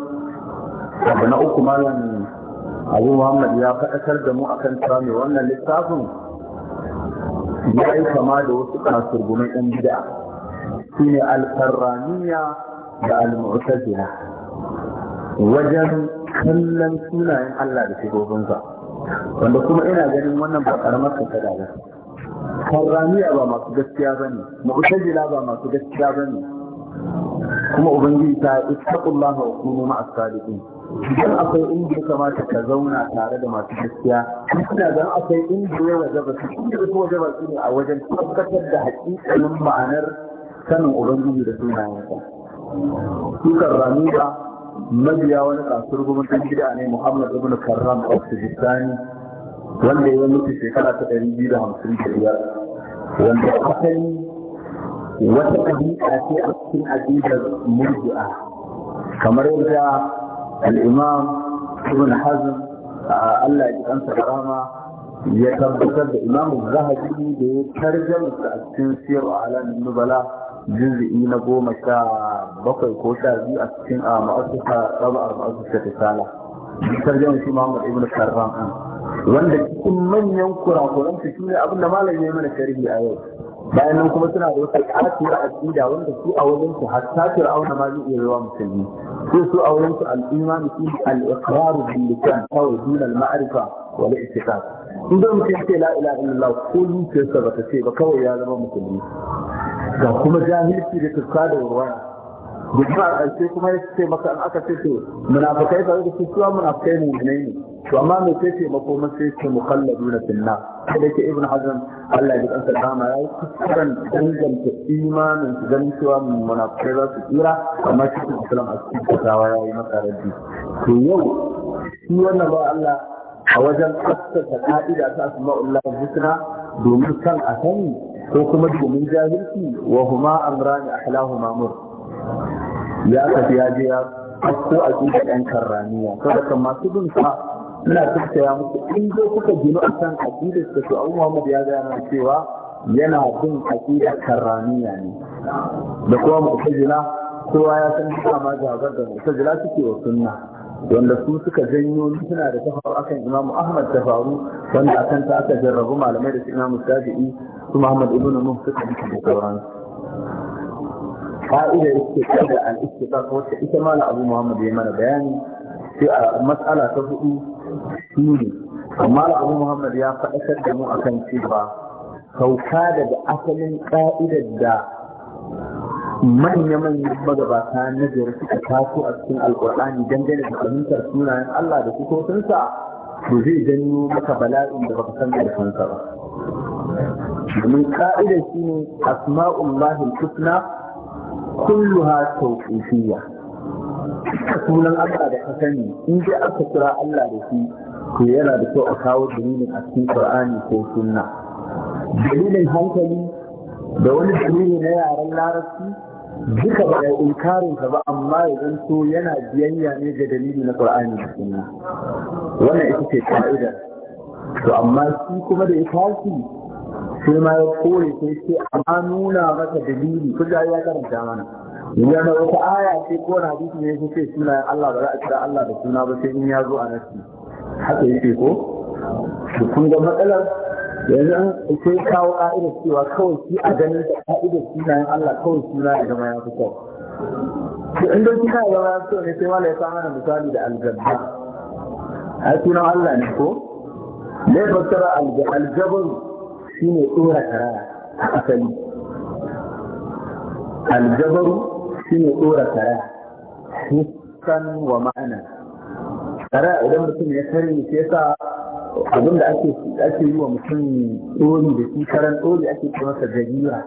abu na uku malam abu muhammad ya faɗakar da mu akan sami wannan littafin ya yi kama da wasu kasurgunan yan bida su ne alfarraniya da almu'tazila wajen kallon sunayen Allah da shigogunsa. wanda kuma ina ganin wannan ba karamar ka kada ba karramiya ba masu gaskiya bane mu'tazila ba masu gaskiya bane kuma ubangiji ta ittaqullaha wa kunu ma'as sadiqin idan akwai inda ya kamata ka zauna tare da masu gaskiya ina dan akwai inda ya wajaba su inda su zaba su ne a wajen tabbatar da hakikalin ma'anar sanin ubangiji da sunayensa su karramiya mabiya wani kasuwar gwamnatin gida ne muhammad ibn karram of wanda ya mutu shekara ta ɗari biyu da hamsin da biyar wanda asali wata ɗabi'a ce a cikin ajiyar murji'a kamar yadda al'imam ibn hazm Allah ya ji kansa ya tabbatar da imamu zahabi da ya tarjama a cikin siyar alamin nubala juz'i na goma sha bakwai ko sha biyu a cikin a ma'asusa tsaba a ma'asusa risala sarjan shi muhammad ibn An. wanda cikin manyan kurakuran su ne abin da malam ya yi mana sharhi a yau bayan nan kuma suna da wata katuwar aqida wanda su a wurin su hatta fir'auna ma zai iya musulmi su su a wurin su al-iman su al-iqrar bil lisan tawhid al-ma'rifa wal i'tiqad idan mutum ya ce la ko illallah ko zuciyarsa ba ta ce ba kawai ya zama musulmi ga kuma jahilci da tuska da warwara da kuma a kuma ya ce maka an aka ce to munafikai ba da su suwa munafikai mu ne ne to amma me ce ce mako mun sai ce mukalladuna finna da ke ibn hazan, Allah ya kansa dama ya yi kuskuren danganta imanin su ganin cewa munafikai za su tsira amma shi ne musulman a cikin kasawa ya yi masa rabbi to yau shi wannan ba Allah a wajen tsaftace ka'ida ta asma'ullahi husna domin kan a sani ko kuma domin jahilci wa huma amrani ahlahuma mur ya tafi ya je ya ko a ji ɗan karraniya saboda masu bin sa ina tattaya muku in dai kuka gino a kan aƙidar da su abu muhammad ya gaya mana cewa yana bin aƙidar karraniya ne da kuma mu'tazila kowa ya san dama jawabar da mu'tazila suke wa sunna wanda su suka janyo suna da tafawa akan imamu ahmad tafaru wanda akan ta aka jarrabu malamai da su imamu shafi'i su muhammad ibn nuh suka bi da sauran fa'ida istiqar da al istiqar wacce ita malam abu muhammad ya mana bayani sai a mas'ala ta hudu shine amma abu muhammad ya faɗa da mu akan cewa sauka daga asalin ka'idar da manya-manyan magabata na gari suka taso a cikin alkur'ani dangane da fahimtar sunayen Allah da sifofinsa to zai janyo maka bala'in da baka san ƙarfinsa ba domin ka'ida shi ne asma'un lahil husna kulluha tawqifiyya sunan Allah da ka sani in dai aka kira Allah da shi to yana da kyau a kawo dalilin a cikin Qur'ani ko sunna dalilin hankali da wani dalili na yaren larabci duka ba ya inkarin ba amma ya so yana biyayya ne ga dalili na Qur'ani da Sunna wannan ita ce ka'ida to amma shi kuma da ya tashi sai ma ya kore sai sai amma nuna maka dalili da ya karanta mana ya na wata aya ce ko na hadisi ne sai ce sunayen Allah ba za a kira Allah da suna ba sai in ya zo a nasi haka yake ko to kun ga matsalar yanzu sai kawo ka'ida cewa kawai shi a ganin ka'idar yin Allah kawai suna ya zama ya fi kyau to in dai suna ya zama ya fi kyau ne sai wala ya kama misali da aljanna ai sunan Allah ne ko dai fassara aljabar shine tsora karaya a asali aljabaru shine tsora karaya hissan wa ma'ana karaya idan mutum ya karni sai sa abin da ake yi wa mutum tsori da shi karan tsori ake kiransa jajira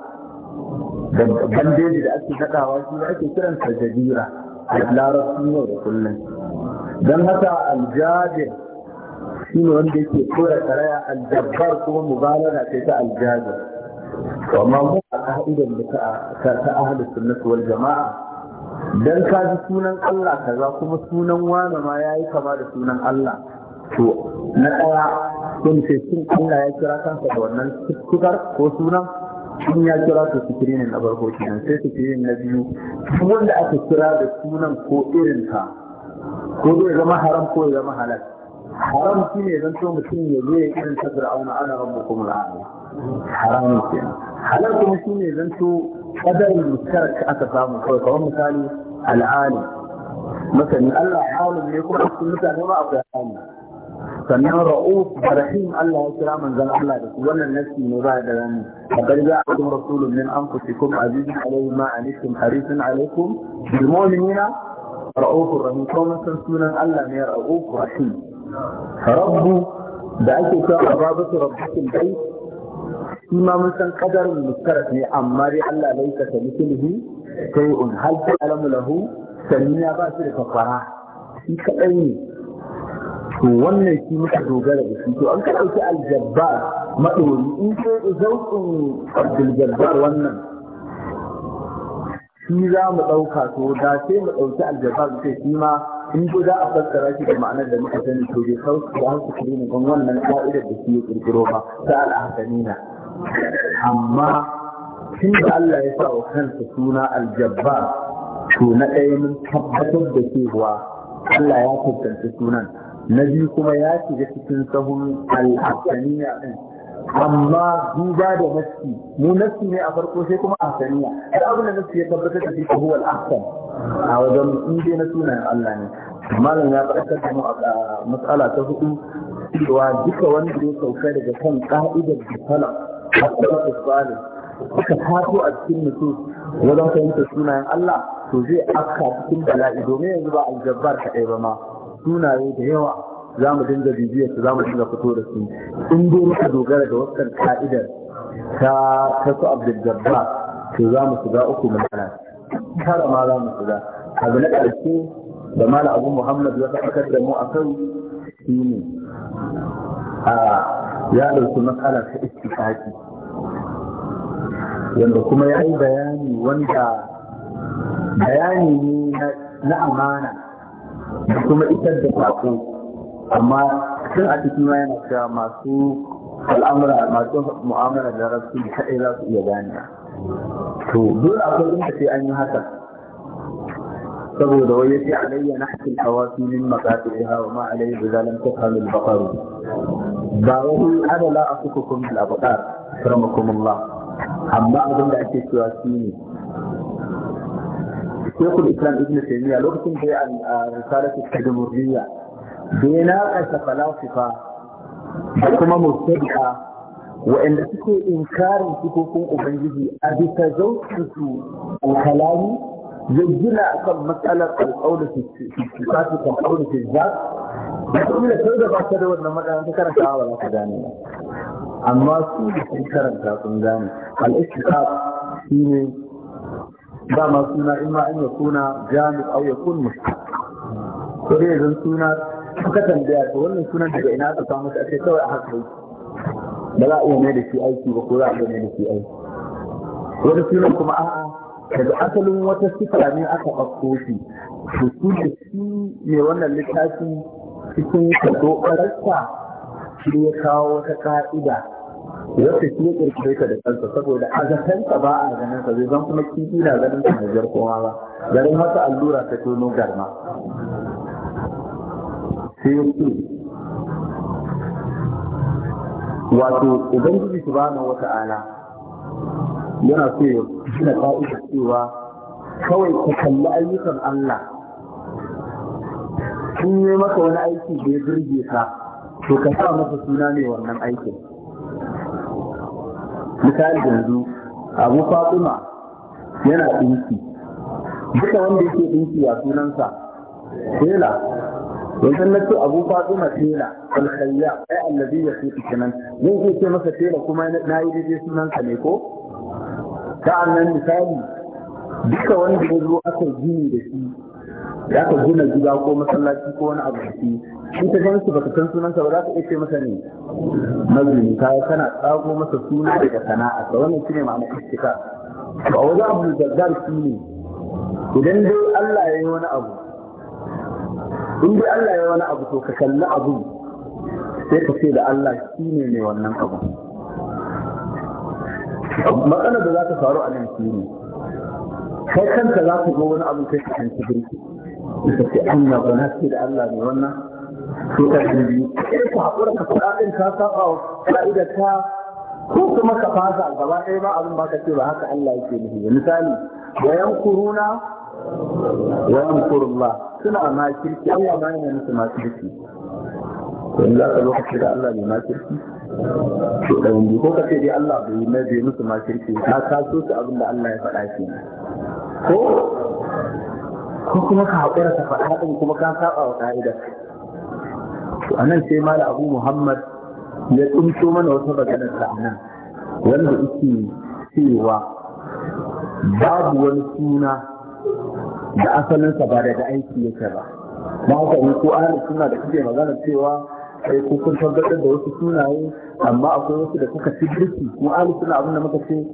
da bandeji da ake haɗawa shi ake kiransa jajira da larabci yau da kullum don haka aljabir shi ne wanda yake kora karaya aljabbar kuma mubalara ce ta aljabir to amma mu a ka'idar da ta ta ahlus sunnah wal jama'a dan ka ji sunan Allah kaza kuma sunan wani ma yayi kama da sunan Allah to na ɗaya sun ce sun Allah ya kira kansa da wannan sukar ko sunan sun ya kira su sikirinin na farko kenan sai sikirinin na biyu wanda aka kira da sunan ko irin irinka ko zai zama haram ko ya zama halal haram shi ne zan so mutum ya zo ya irin ta fir'auna ana rabu kuma la'ala haram ke halal kuma shi ne zan so kadarin mutar aka samu kawai kawai misali al'ali masani Allah alim ne kuma cikin mutane ba akwai alim sannan ra'uf da rahim Allah ya kira manzon Allah da su wannan nasi ne ba da wani agar ja akum rasulun min anfusikum azizun alayhi ma anikum harisun alaykum bil mu'minina ra'ufur rahim ko mun san sunan Allah ne ra'ufur rahim rabbu da ake cewa babatu rabbikum dai shi ma mun san kadarin mustarat ne amma dai Allah laika ta mithlihi shay'un hal alamu lahu sanniya ba shi da kafara shi kadai ne to wannan shi muka dogara da shi to an ka ɗauki aljabbar maɗori in ko zauƙin abdulgabbar wannan shi za mu ɗauka to da sai mu ɗauki aljabbar da shi ma in ko za a fassara shi da ma'anar da muka sani to bai sauki da hanku kiri ne wannan ƙa'idar da shi ya ƙirƙiro ba ta na. amma tun da Allah ya sa wa kansa suna aljabbar to na ɗaya mun tabbatar da cewa Allah ya tantance sunan na biyu kuma ya shiga cikin sahun al amma duba da nafsi mu nafsi ne a farko sai kuma asaniya da abin da nafsi ya tabbatar da shi huwa al-ahsan a wajen in na sunan Allah ne malam ya faɗa da mu a matsala ta hudu cewa duka wanda ya sauka daga kan ka'idar da salaf a salaf salih suka taso a cikin mutum wajen fahimtar sunayen Allah to zai afka cikin bala'i domin yanzu ba aljabbar kaɗai ba ma sunaye da yawa za mu dinga bibiyar su za mu dinga fito da su in dai muka dogara da wakar ka'idar ta ta su abdul to za mu shiga uku mu kana kara ma za mu shiga abu na ƙarshe da mala abu muhammad ya faɗakar da mu a kai shi ne a ya ɗauki matsala ta istiƙaƙi wanda kuma ya yi bayani wanda bayani ne na amana da kuma isar da sako amma tun a cikin ma yana cewa masu al'amura masu mu'amala da rasu kaɗai za su iya gane to dole akwai inda sai an yi haka saboda wai yace alayya su yi min ya hawa ma alayya bi ta tafhalu da bakaru ba adala a la kuma da abqar ramakum Allah amma abin da ake cewa ne الشيخ الإسلام ابن تيمية لقسم في آه، رسالة التجمهورية بين قصة فلاسفة بكما مرتبعة وإن تكو إنكار تكوكم أبنجي أبي تزوجك وكلامي يجينا أصل مسألة القول في الصفات والقول في الذات بكم إلى سيدة بعد كده وإن ما كان ذكر شعار الله كداني أما سيدة إنكار أنت أصنعني الاستقاط فيني ma suna in ma an ya suna jami'a au ya kun mushrik dai zan suna suka tambaya to wannan sunan daga ina aka samu shi ake kawai a hakuri ba za a iya mai da shi aiki ba ko za a iya mai da shi aiki wani sunan kuma a'a daga asalin wata sifa ne aka ɗauko shi to su da shi ne wannan littafin cikin kaso ƙararsa shi ya kawo wata ka'ida yadda shi ya kirkire ka da kansa saboda a zatanka ba a ganin ka zai zan kuma kifi na ganin ka mai jar kowa ba garin masa allura ta tono garma sai ce wato ubangiji wata ala? yana so ya gina ka'ida cewa kawai ka kalli ayyukan Allah in yi maka wani aiki da ya birge ka to ka sa masa suna ne wannan aikin misali yanzu abu fatima yana ɗinki duka wanda yake ɗinki a sunansa tela wajen na ce abu fatima tela alkhayya ai allazi ya fi kenan zan iya ce masa tela kuma na yi daidai sunansa ne ko sa'an nan misali duka wanda ya zo aka gini da shi da aka gina gida ko masallaci ko wani abu shi in ka gan su baka san sunansa ba za ka iya ce masa ne mazuni ka kana tsago masa suna daga sana'a ka wannan shine ma'ana istika to a wajen abu da shi ne idan dai Allah ya yi wani abu in dai Allah ya yi wani abu to ka kalli abu sai ka ce da Allah shine mai wannan abu matsalar da za ta faru a nan shine kai kanka za ka ga wani abu kai ka kanci birki suka ce Allah ba na ce da Allah ne wannan sai ta ce biyu ka haƙura ka faɗa ɗin ka saba wa fa'ida ta ko kuma ka fasa gaba ɗaya ba abin ba ka ce ba haka Allah yake nufi misali wa yankuruna wa yankurullah suna ma kirki Allah ma yana musu ma kirki in za ka lokaci da Allah bai ma kirki to da wani ko ka ce dai Allah bai na bai musu ma kirki ka ka su abin da Allah ya faɗa shi ko ko kuma ka haƙura ta faɗa ɗin kuma ka saba wa ƙa'ida a nan sai mala abu muhammad ya tsinto mana wata maganar ta a nan wanda yake cewa babu wani suna da asalinsa ba daga aiki yake ba ba haka ne ko ahalin suna da kuke magana cewa sai ko kun tabbatar da wasu sunaye amma akwai wasu da kuka fi birki ko ahalin suna abin da muka ce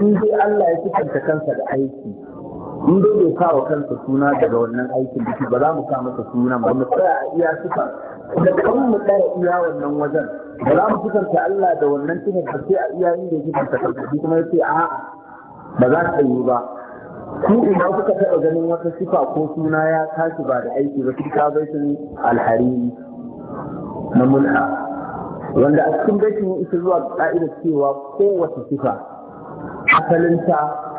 in dai Allah ya sifanta kansa da aiki in dai bai kawo kansa suna daga wannan aikin biki ba za mu sa masa suna ba mu tsaya a iya suka da kan mu tsaya iya wannan wajen ba za mu kusanta Allah da wannan tuhar ba sai a iya inda yake kusanta kansa kuma yace a'a ba za ta yi ba ku ina kuka taɓa ganin wata sifa ko suna ya tashi ba da aiki ba sun ka baitin alhariri na mul'a wanda a cikin baitin isa zuwa ka'idar cewa kowace sifa asalinta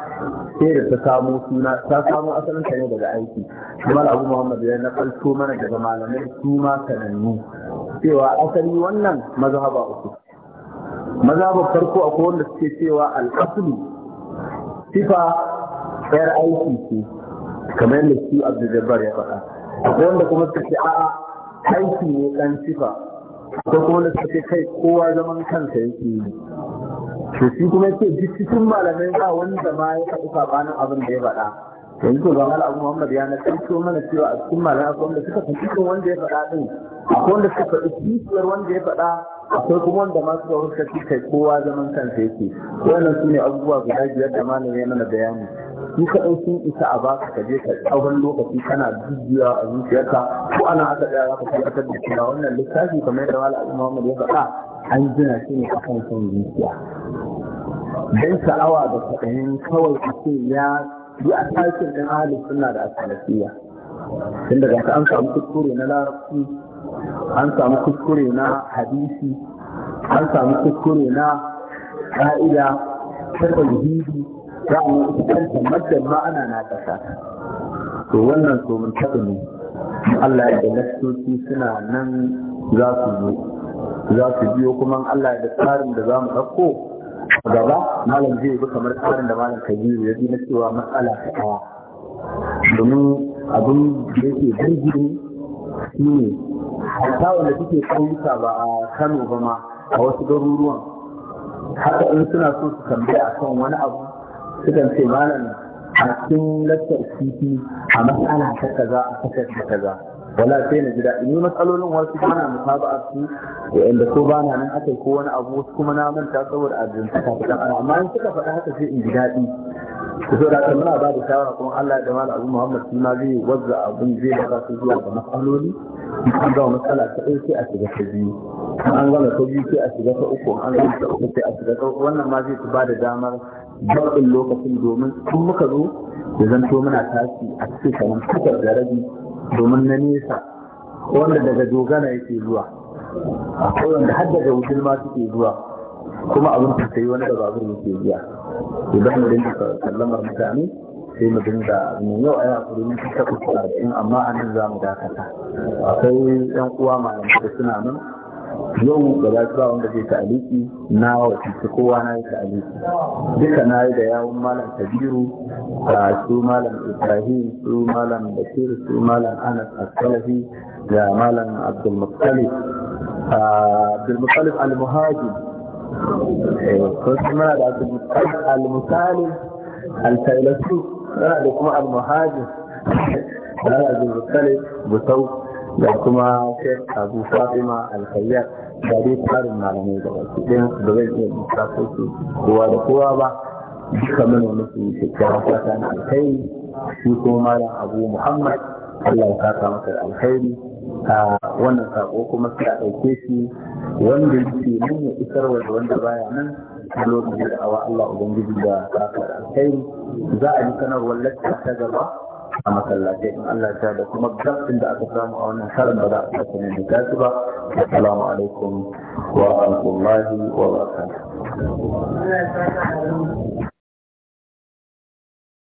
sai da ta samo suna ta samu asalin ta ne daga aiki kuma abu muhammad ya na kalto mana daga malamai su ma sanannu cewa asali wannan mazhaba uku mazhaba farko akwai wanda suke cewa al-aslu sifa yar aiki ce kamar yadda su abdul ya faɗa akwai wanda kuma suka ce a'a aiki ne dan sifa ko kuma suke suka ce kai kowa zaman kansa yake yi to shi kuma ce duk cikin malamai ba wanda ma ya faɗi sabanin abin da ya faɗa yanzu to ban abu Muhammad ya na tsanto mana cewa a cikin malamai akwai wanda suka faɗi cikin wanda ya faɗa din akwai wanda suka faɗi kishiyar wanda ya faɗa akwai kuma wanda ma suka wuce kai kowa zaman kansa yake wannan su ne abubuwa guda biyar da malamai mana bayani su kaɗan sun isa a baka ka je ka tsawon lokaci kana jujjuya a zuciyarka ko ana aka tsaya za ka tabbatar da cewa wannan littafi kamar yadda wala Muhammad ya faɗa an gina shi ne akan son zuciya dan sha'awa da kaɗayin kawai a ce ya yi a tashin ɗin ahalin suna da asalafiya tun daga an samu kuskure na larabci an samu kuskure na hadisi an samu kuskure na ƙa'ida ta tauhidi sa'an kanta madda ma ana na kasa to wannan so mun taɓa ne Allah da lastoci suna nan za su zo za su biyo kuma Allah da tsarin da za mu ɗauko gaba malam zai bi kamar tsarin da malam kabiru ya bi na cewa matsala ta kawa domin abin da yake jirgin shi ne hatta wanda suke ƙauyuka ba a Kano ba ma a wasu garuruwan haka in suna so su tambaya akan wani abu sukan ce malam a cikin lakta ciki a matsala ta kaza a kasar ta kaza wala sai na ji daɗi ni matsalolin wasu ba na musaba a su wa'anda ko ba na nan aka ko wani abu wasu kuma na manta saboda arzikin ta kafa ɗan amma in suka faɗa haka sai in ji daɗi ku so da muna ba da shawara kuma Allah da mala abu Muhammad shi ma zai wazza abin zai da su zuwa ga matsaloli an gama matsala ta ɗaya sai a shiga ta biyu In an gama ta biyu sai a shiga ta uku in an gama ta uku sai a shiga ta uku. wannan ma zai ba da damar daɗin lokacin domin tun muka zo da to muna tashi a cikin kamar takwas da rabi domin na nesa wanda daga dogana yake zuwa akwai wanda har daga wujin ma suke zuwa kuma abin ta sai wani da babur yake zuwa idan mu dinga kallamar mutane sai mu dinga mu yau ayi hakuri mun ta kusa amma a nan za mu dakata akwai yan uwa malamai da suna nan yau da za su ba wanda zai ta'aliki na wakilci kowa na yi ta'aliki duka na yi da yawon malam kabiru a su malam ibrahim su malam bashir su malam anas asalafi da malam abdulmuttalif ah, abdulmuttalif al-muhajir ko eh, su da abdulmuttalif al-musalim al-tailasu yana da kuma al-muhajir yana da abdulmuttalif busau da kuma shek abu fatima alkayyar da dai tsarin malamai da wasu ɗin da zai iya misafo su kowa da kowa ba duka mana musu shekara fata na alkhairi shi kuma malam abu muhammad allah ya kasa masa alkhairi a wannan sako kuma sai a ɗauke shi wanda yake nan ya isarwa da wanda baya nan a lokacin da awa allah ubangiji da kasa alkhairi za a yi sanarwar lakka ta gaba a matsalace in Allah ta da kuma gafin da aka samu a wannan karin ba za a sake da su ba assalamu alaikum wa rahmatullahi wa barakatuh